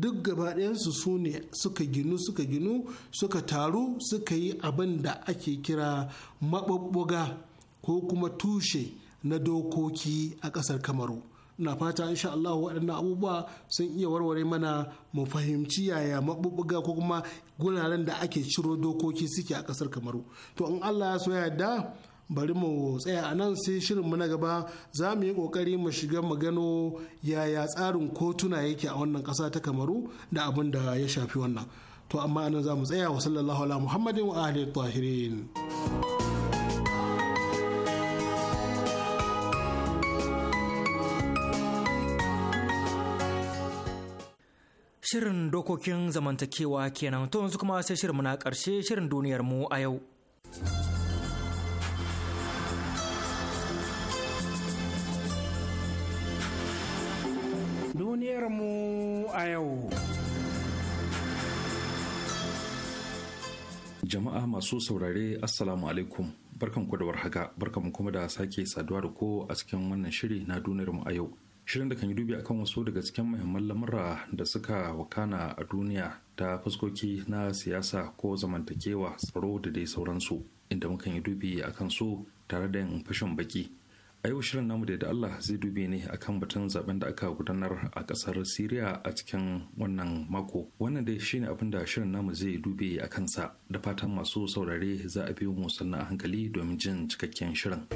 duk gabaɗayansu su ne suka ginu suka ginu suka taru suka yi abin da ake kira maɓaɓɓuga ko kuma tushe na dokoki a ƙasar kamaru na fata insha Allah waɗannan abubuwa sun iya warware mana mu fahimci yaya maɓuɓɓuga ko kuma guraren da ake ciro dokoki suke a ƙasar kamaru to in Allah ya so ya yarda bari mu tsaya a nan sai shirinmu na gaba za mu yi kokari mu shiga mu yaya tsarin kotuna yake a wannan ƙasa ta kamaru da abin da ya shafi wannan to amma nan za mu tsaya wa sallallahu ala muhammadin wa ahli tahirin Shirin dokokin zamantakewa kenan to yanzu kuma sai shirin na ƙarshe shirin duniyar mu a yau. duniyarmu a yau. Jama'a masu saurare Assalamu alaikum barkan ku da warhaka mu kuma da sake saduwa da ko a cikin wannan shiri na duniyarmu a yau. Shirin da kan yi dubi akan wasu daga cikin muhimman lamura da suka wakana a duniya ta fuskoki na siyasa ko zamantakewa tsaro da dai sauransu inda mukan yi dubi akan su tare da yin fashin baki a yau shirin namu da Allah zai dube ne akan batun zaben da aka gudanar a kasar Siriya a cikin wannan mako wannan dai shine abin da shirin namu zai dube a kansa da fatan masu saurare za a biyo mu sannan a hankali domin jin cikakken shirin.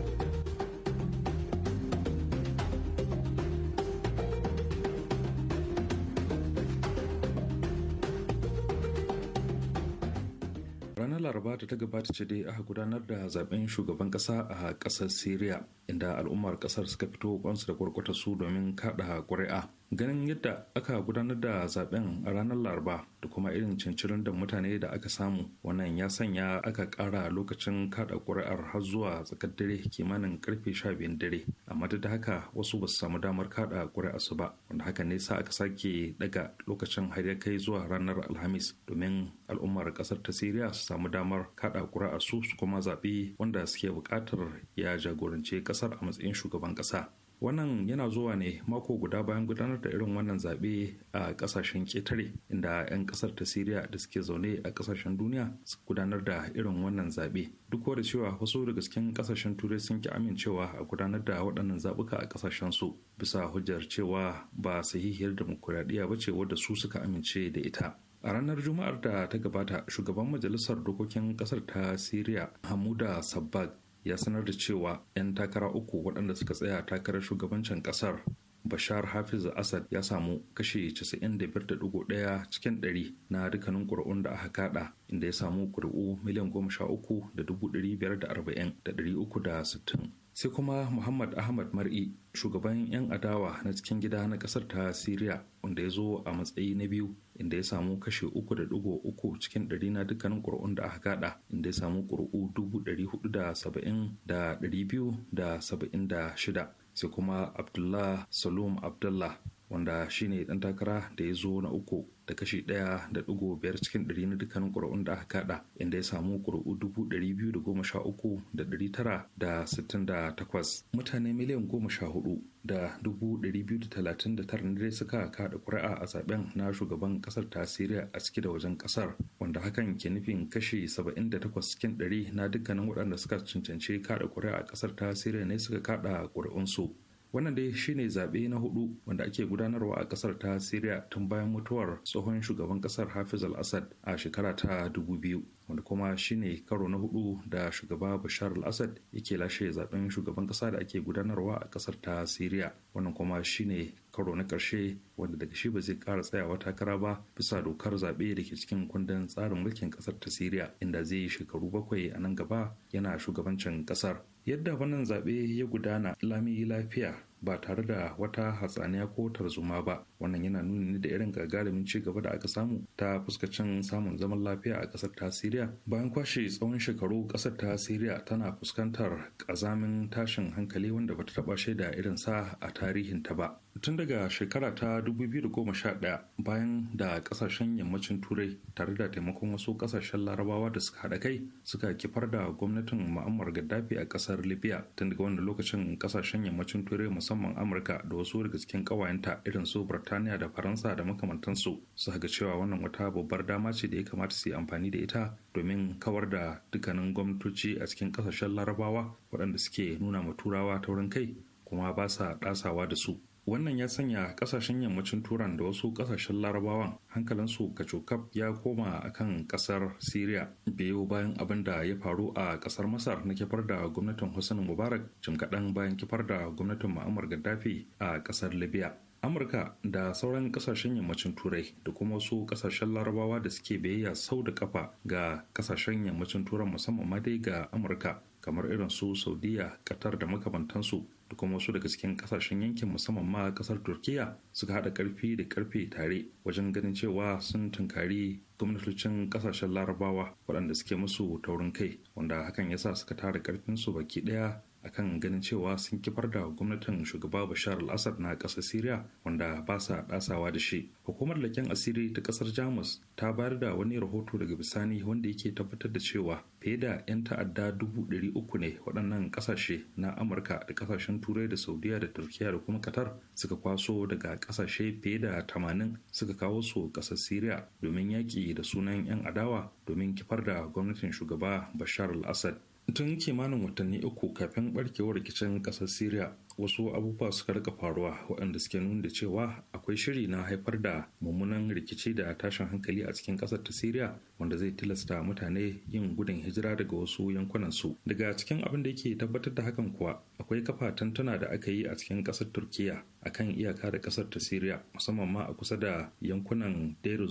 da ta gabata ce dai aka gudanar da zaben shugaban kasa a kasar syria inda al'ummar kasar suka fito kwansu da kwarkwata su domin kada ƙuri'a ganin yadda aka gudanar da zaben a ranar laraba da kuma irin cincirin da mutane da aka samu wannan ya sanya aka kara lokacin kada kuri'ar har zuwa tsakar dare kimanin karfe 12 dare amma duk da haka wasu ba su samu damar kada kuri'ar su ba wanda haka ne sa aka sake daga lokacin har ya kai zuwa ranar alhamis domin al'ummar kasar ta siriya su samu damar kada kuri'ar su su kuma zaɓe wanda suke buƙatar ya jagorance kasar a matsayin shugaban ƙasa wannan yana zuwa ne mako guda bayan gudanar da irin wannan zaɓe a ƙasashen ƙetare inda 'yan ƙasar ta siriya da suke zaune a ƙasashen duniya su gudanar da irin wannan zaɓe duk da cewa wasu daga cikin ƙasashen turai sun ki amincewa a gudanar da waɗannan zaɓuka a ƙasashen su bisa hujjar cewa ba sahihiyar dimokuraɗiyya ba ce wadda su suka amince da ita a ranar juma'ar da ta gabata shugaban majalisar dokokin ƙasar ta siriya hamuda sabbag ya sanar da cewa 'yan takara uku waɗanda suka tsaya takarar shugabancin ƙasar bashar hafiz asad ya samu kashe 95.1 cikin 100 na dukkanin ƙuri'un da aka kada inda ya samu ƙuri'u miliyan 13,540,360 sai kuma muhammad ahmad mar'i shugaban 'yan adawa na cikin gida na kasar ta syria wanda ya zo a matsayi na biyu inda ya samu kashe uku da digo uku cikin dari na dukkanin ƙuri'un da aka gada inda ya samu ƙuri'u dubu dari hudu da saba'in da dari biyu da saba'in da shida sai kuma abdullah salum abdullah wanda shine ɗan takara da ya zo na uku da kashi ɗaya da ɗigo biyar cikin ɗari na dukkanin ƙuri'un da aka kaɗa inda ya samu ƙuri'u dubu ɗari biyu da goma sha uku da ɗari tara da sittin da takwas mutane miliyan goma sha hudu da dubu ɗari biyu da talatin da tara dai suka kaɗa ƙuri'a a zaɓen na shugaban ƙasar ta siriya a ciki da wajen ƙasar wanda hakan ke nufin kashi saba'in da takwas cikin ɗari na dukkanin waɗanda suka cancanci kaɗa ƙuri'a a ƙasar ta siriya ne suka kaɗa ƙuri'unsu wannan dai shine zaɓe na hudu wanda ake gudanarwa a ƙasar ta syria tun bayan mutuwar tsohon shugaban ƙasar hafiz al-assad a shekara ta 2000 wanda kuma shine karo na hudu da shugaba bashar al-assad yake lashe zaben shugaban kasa da ake gudanarwa a kasar ta syria wannan kuma shine karo na karshe wanda daga shi ba zai kara tsayawa takara ba bisa dokar zaɓe da ke cikin kundin tsarin mulkin kasar ta syria inda zai yi shekaru bakwai a nan gaba yana shugabancin kasar yadda wannan zaɓe ya gudana lami lafiya ba tare da wata hatsaniya ko tarzoma ba wannan yana nuni da irin gagarumin ci gaba da aka samu ta fuskacin samun zaman lafiya a kasar ta siriya bayan kwashe tsawon shekaru kasar ta siriya tana fuskantar kazamin tashin hankali wanda bata taba shaida irin sa a tarihin ta ba tun daga shekara ta 2011 bayan da kasashen yammacin turai tare da taimakon wasu kasashen larabawa da suka haɗa kai suka kifar da gwamnatin ma'ammar gaddafi a kasar libya tun daga wanda lokacin kasashen yammacin turai musamman amurka da wasu daga cikin kawayenta irin su burtaniya da faransa da makamantansu su ga cewa wannan wata babbar dama ce da ya kamata su yi amfani da ita domin kawar da dukkanin gwamnatoci a cikin kasashen larabawa waɗanda suke nuna ma turawa wurin kai kuma ba sa ɗasawa da su wannan ya sanya kasashen yammacin turan da wasu kasashen larabawan hankalinsu kacokaf ya koma akan kasar siriya biyu bayan abin da ya faru a kasar masar na kifar da gwamnatin hussein mubarak jim kaɗan bayan kifar da gwamnatin ma'amar gaddafi a kasar libya amurka da sauran kasashen yammacin turai da kuma wasu kasashen larabawa da suke biyayya sau da kafa ga kasashen yammacin turai musamman ma dai ga amurka kamar irin su saudiya qatar da makamantansu da kuma wasu daga cikin kasashen yankin musamman ma kasar turkiya suka haɗa karfi da karfe tare wajen ganin cewa sun tunkari gwamnatocin kasashen larabawa waɗanda suke musu taurin kai wanda hakan yasa suka tara karfinsu baki ɗaya akan ganin cewa sun kifar da gwamnatin shugaba bashar al-assad na ƙasar syria wanda ba sa dasawa da shi hukumar leken asiri ta ƙasar jamus ta bayar da wani rahoto daga bisani wanda yake tabbatar da cewa fiye da 'yan ta'adda dubu ɗari uku ne waɗannan ƙasashe na amurka da ƙasashen turai da saudiya da turkiya da kuma qatar suka kwaso daga ƙasashe fiye da tamanin suka kawo su ƙasar syria domin yaƙi da sunan 'yan adawa domin kifar da gwamnatin shugaba bashar al-assad tun kimanin watanni uku kafin barkewar rikicin ƙasar syria wasu abubuwa suka rika faruwa waɗanda suke nuna da cewa akwai shiri na haifar da mummunan rikici da tashin hankali a cikin ƙasar ta siriya wanda zai tilasta mutane yin gudun hijira daga wasu yankunan su daga cikin abin da yake tabbatar da hakan kuwa akwai kafa tantuna da aka yi a cikin ƙasar turkiya akan iyaka da ƙasar ta siriya musamman ma a kusa da yankunan deir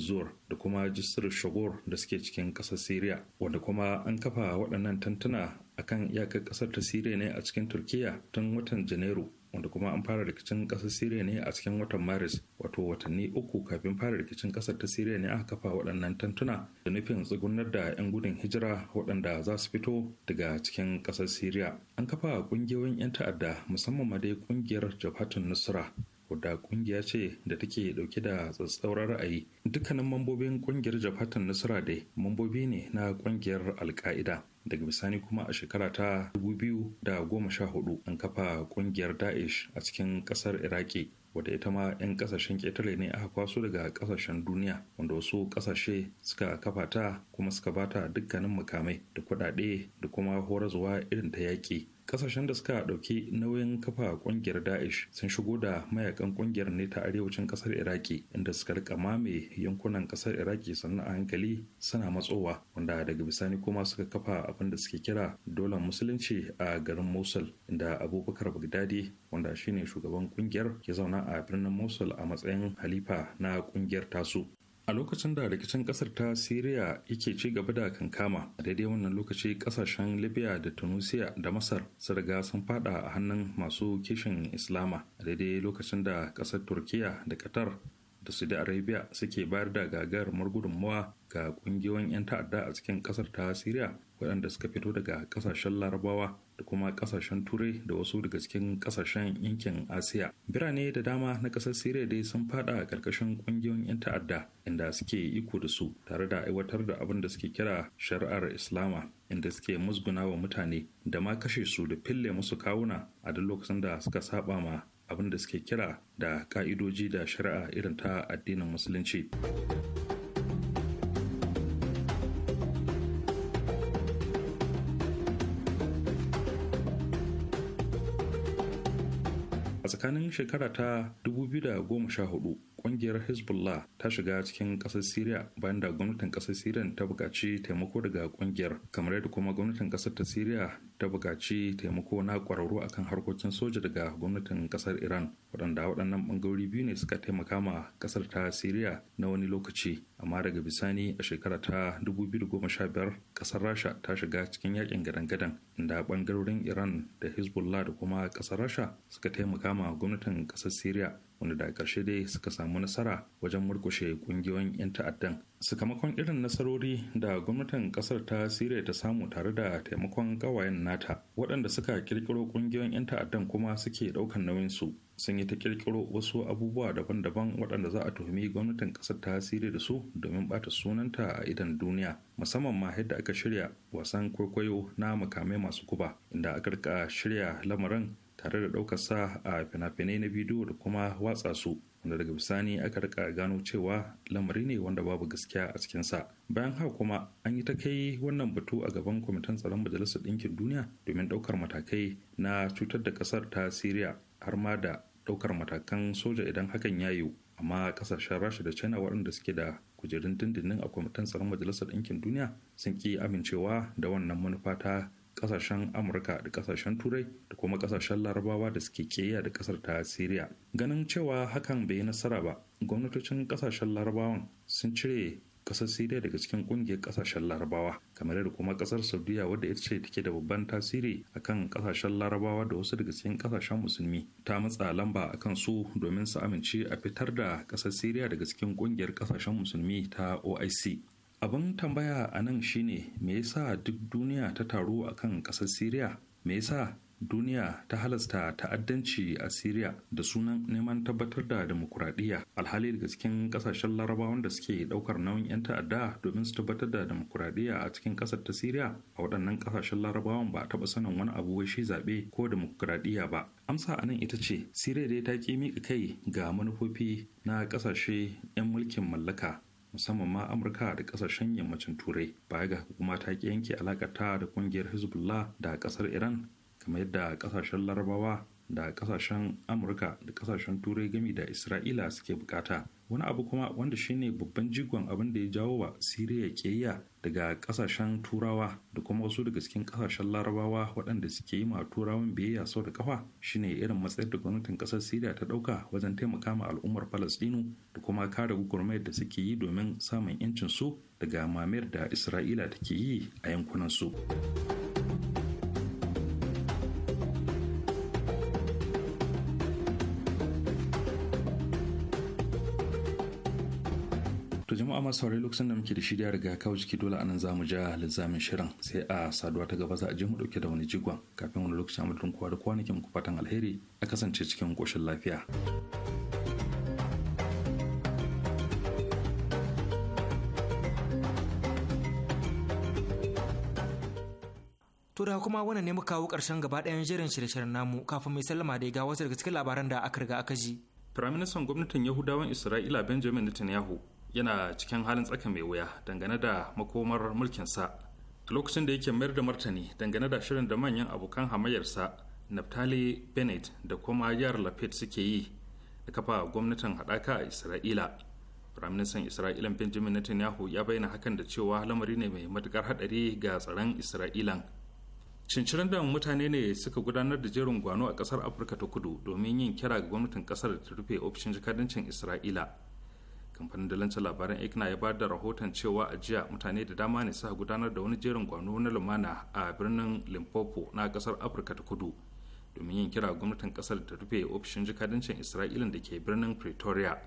da kuma jisir shagor da suke cikin ƙasar siriya wanda kuma an kafa waɗannan tantuna a akan iyakar kasar ta siriya ne a cikin turkiya tun watan janairu wanda kuma an fara rikicin kasar siriya ne a cikin watan maris wato watanni uku kafin fara rikicin kasar ta siriya ne aka kafa waɗannan tantuna da nufin tsugunar da 'yan gudun hijira waɗanda za su fito daga cikin kasar siriya an kafa ƙungiyoyin 'yan ta'adda musamman ma dai ƙungiyar jabhatun nusra da kungiya ce da take dauke da tsatsauran ra'ayi dukkanin mambobin kungiyar jafatan nasara dai mambobi ne na kungiyar alka'ida daga bisani kuma a shekara ta 2014 an kafa kungiyar daesh a cikin kasar iraki wadda ita ma 'yan kasashen ƙetare ne aka kwaso daga kasashen duniya wanda wasu kasashe suka kafa ta kuma suka bata dukkanin makamai da kuɗaɗe da kuma horazuwa irin ta yaƙi kasashen da suka dauki nauyin kafa kungiyar daesh sun shigo da mayakan kungiyar ne ta arewacin kasar iraki inda suka rika mame yankunan kasar iraki sannan a hankali suna matsowa wanda daga bisani kuma suka kafa abin da suke kira dolan musulunci a garin mosul inda abubakar bagdadi wanda shine shugaban kungiyar ke zauna a birnin mosul a matsayin halifa na kungiyar tasu a lokacin da rikicin kasar ta syria yake ci gaba da kankama a daidai wannan lokaci kasashen libya da tunisia da masar sun riga sun fada a hannun masu kishin islama a daidai lokacin da kasar turkiya da qatar da saudi arabia suke bayar da gagar margudunmuwa ga kungiyoyin 'yan ta'adda a cikin kasar ta syria waɗanda suka fito daga kasashen larabawa da kuma kasashen turai da wasu daga cikin kasashen yankin asiya birane da dama na kasar siriya dai sun fada a karkashin kungiyoyin 'yan ta'adda inda suke iko da su tare da aiwatar da abin da suke kira shari'ar islama inda suke musguna wa mutane da ma kashe su da fille musu kawuna a duk lokacin da suka saba ma abin da suke kira da ka'idoji da shari'a irin ta addinin musulunci. tsakanin shekara ta 2014 kungiyar hezbollah ta shiga cikin kasar syria bayan da gwamnatin kasar syria ta buƙaci taimako daga kungiyar kamar yadda kuma gwamnatin kasar ta syria ta buƙaci taimako na ƙwararru akan harkokin soja daga gwamnatin ƙasar iran waɗanda waɗannan ɓangarori biyu ne suka taimaka ma ƙasar ta siriya na wani lokaci amma daga bisani a shekara ta 2015 ƙasar rasha ta shiga cikin yakin gadan-gadan inda ɓangarorin iran da hezbollah da kuma ƙasar rasha suka taimaka ma gwamnatin ƙasar siriya wanda da ƙarshe dai suka samu nasara wajen murkushe ƙungiyoyin 'yan ta'addan sakamakon irin nasarori da gwamnatin kasar ta siriya ta samu tare da taimakon gawayen nata waɗanda suka kirkiro ƙungiyoyin 'yan ta'addan kuma suke ɗaukar nauyinsu sun yi ta kirkiro wasu abubuwa daban-daban waɗanda za a tuhumi gwamnatin ƙasar ta siriya da su domin ɓata sunanta a idan duniya musamman ma yadda aka shirya wasan kwaikwayo na makamai masu guba inda aka rika shirya lamarin tare da ɗaukar sa a fina-finai na bidiyo da kuma watsa su wanda daga bisani aka rika gano cewa lamari ne wanda babu gaskiya a cikinsa bayan haka kuma an yi ta kai wannan batu a gaban kwamitin tsaron majalisar ɗinkin duniya domin ɗaukar matakai na cutar da ƙasar ta siriya har ma da ɗaukar matakan soja idan hakan ya yiwu amma ƙasashen rasha da china waɗanda suke da kujerun dindindin a kwamitin tsaron majalisar ɗinkin duniya sun ki amincewa da wannan manufa ta kasashen amurka da kasashen turai da kuma kasashen larabawa da suke keya da kasar ta syria ganin cewa hakan bai yi nasara ba gwamnatocin kasashen larabawan sun cire kasar siriya daga cikin kungiyar kasashen larabawa kamar da kuma kasar saudiya wadda ita ce take da babban tasiri akan kasashen larabawa da wasu daga cikin kasashen musulmi ta matsa lamba akan su domin su amince a fitar da kasar siriya daga cikin kungiyar kasashen musulmi ta oic abin tambaya a nan shine me yasa duk duniya ta taru a kan ƙasar syria me yasa duniya ta halasta ta'addanci a syria da sunan neman tabbatar da demokuraɗiyya alhali daga cikin ƙasashen larabawan da suke ɗaukar nauyin 'yan ta'adda domin su tabbatar da demokuraɗiyya a cikin ƙasar ta syria a waɗannan ƙasashen larabawan ba a taɓa sanin wani abu wai shi zaɓe ko demokuraɗiyya ba amsa anan ita ce siriya dai ta ƙi miƙa kai ga manufofi na ƙasashe 'yan mulkin mallaka musamman ma amurka da kasashen yammacin turai baya ga hukuma ta ki yanke alakata da kungiyar hezbollah da kasar iran kamar yadda kasashen larabawa da kasashen amurka da kasashen turai gami da isra'ila suke bukata wani abu kuma wanda shine babban jigon abin da ya jawo wa siriya ƙiyayya daga kasashen turawa da kuma wasu daga cikin kasashen larabawa waɗanda suke yi ma turawan biyayya sau da kafa shine irin matsayar da gwamnatin ƙasar siriya ta ɗauka wajen taimaka ma al'ummar falastinu da kuma kare gugurmayar da suke yi domin samun 'yancin su daga mamayar da isra'ila take yi a yankunan su. kuma masu saurari lokacin da muke da shirya riga kawo jiki dole anan za mu ja lizamin shirin sai a saduwa ta gaba za a je mu dauke da wani jigon kafin wani lokacin amma kowa da kowa muku fatan alheri a kasance cikin koshin lafiya. tura kuma wannan ne muka kawo ƙarshen gaba ɗayan jerin shirye-shiryen namu kafin mai sallama da ga wasu daga cikin labaran da aka riga aka ji. Firaministan gwamnatin Yahudawan Isra'ila Benjamin Netanyahu yana cikin halin tsaka mai wuya dangane da makomar mulkinsa a lokacin da yake mayar da martani dangane da shirin da manyan abokan hamayyarsa naftali bennett da kuma yar lafet suke yi da kafa gwamnatin haɗaka a isra'ila firaministan isra'ila benjamin netanyahu ya bayyana hakan da cewa lamari ne mai matukar hadari ga tsaron isra'ilan cincirin da mutane ne suka gudanar da jerin gwano a kasar afirka ta kudu domin yin kira ga gwamnatin kasar da ta rufe ofishin jikadancin isra'ila kamfanin dalancin labaran ikna ya bada rahoton cewa a jiya mutane da dama ne suka gudanar da wani jerin gwano na lumana a birnin limpopo na kasar afirka ta kudu domin yin kira gwamnatin kasar da rufe ofishin jikadancin isra'ilin da ke birnin pretoria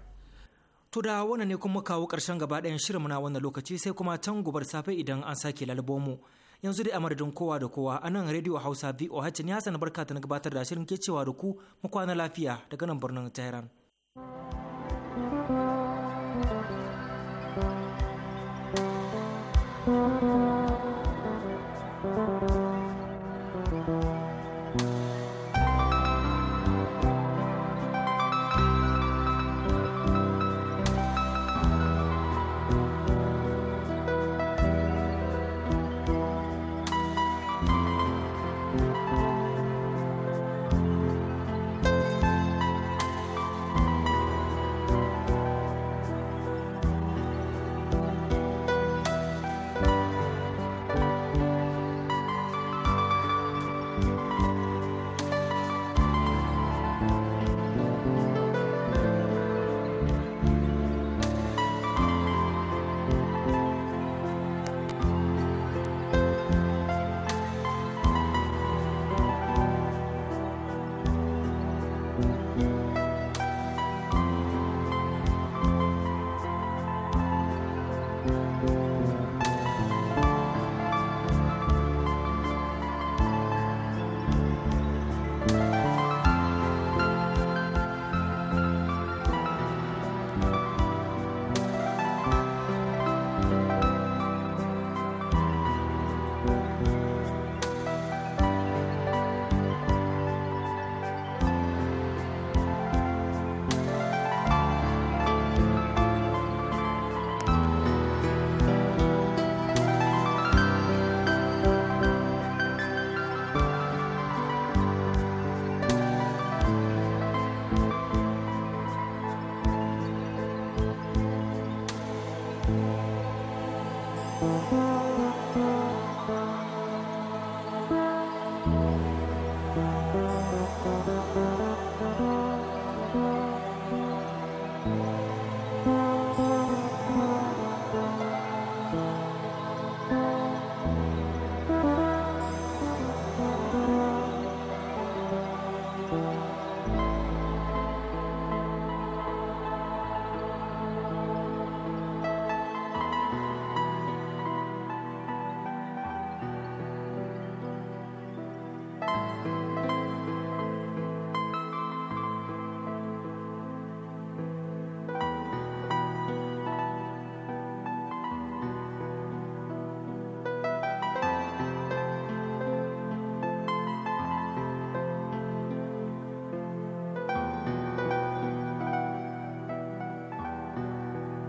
to da wannan ne kuma kawo karshen gaba ɗayan shirin na wannan lokaci sai kuma can gobar safe idan an sake lalbo yanzu dai a madadin kowa da kowa a nan rediyo hausa voh ne hassan barka ta gabatar da shirin ke cewa da ku mu kwana lafiya daga nan birnin tehran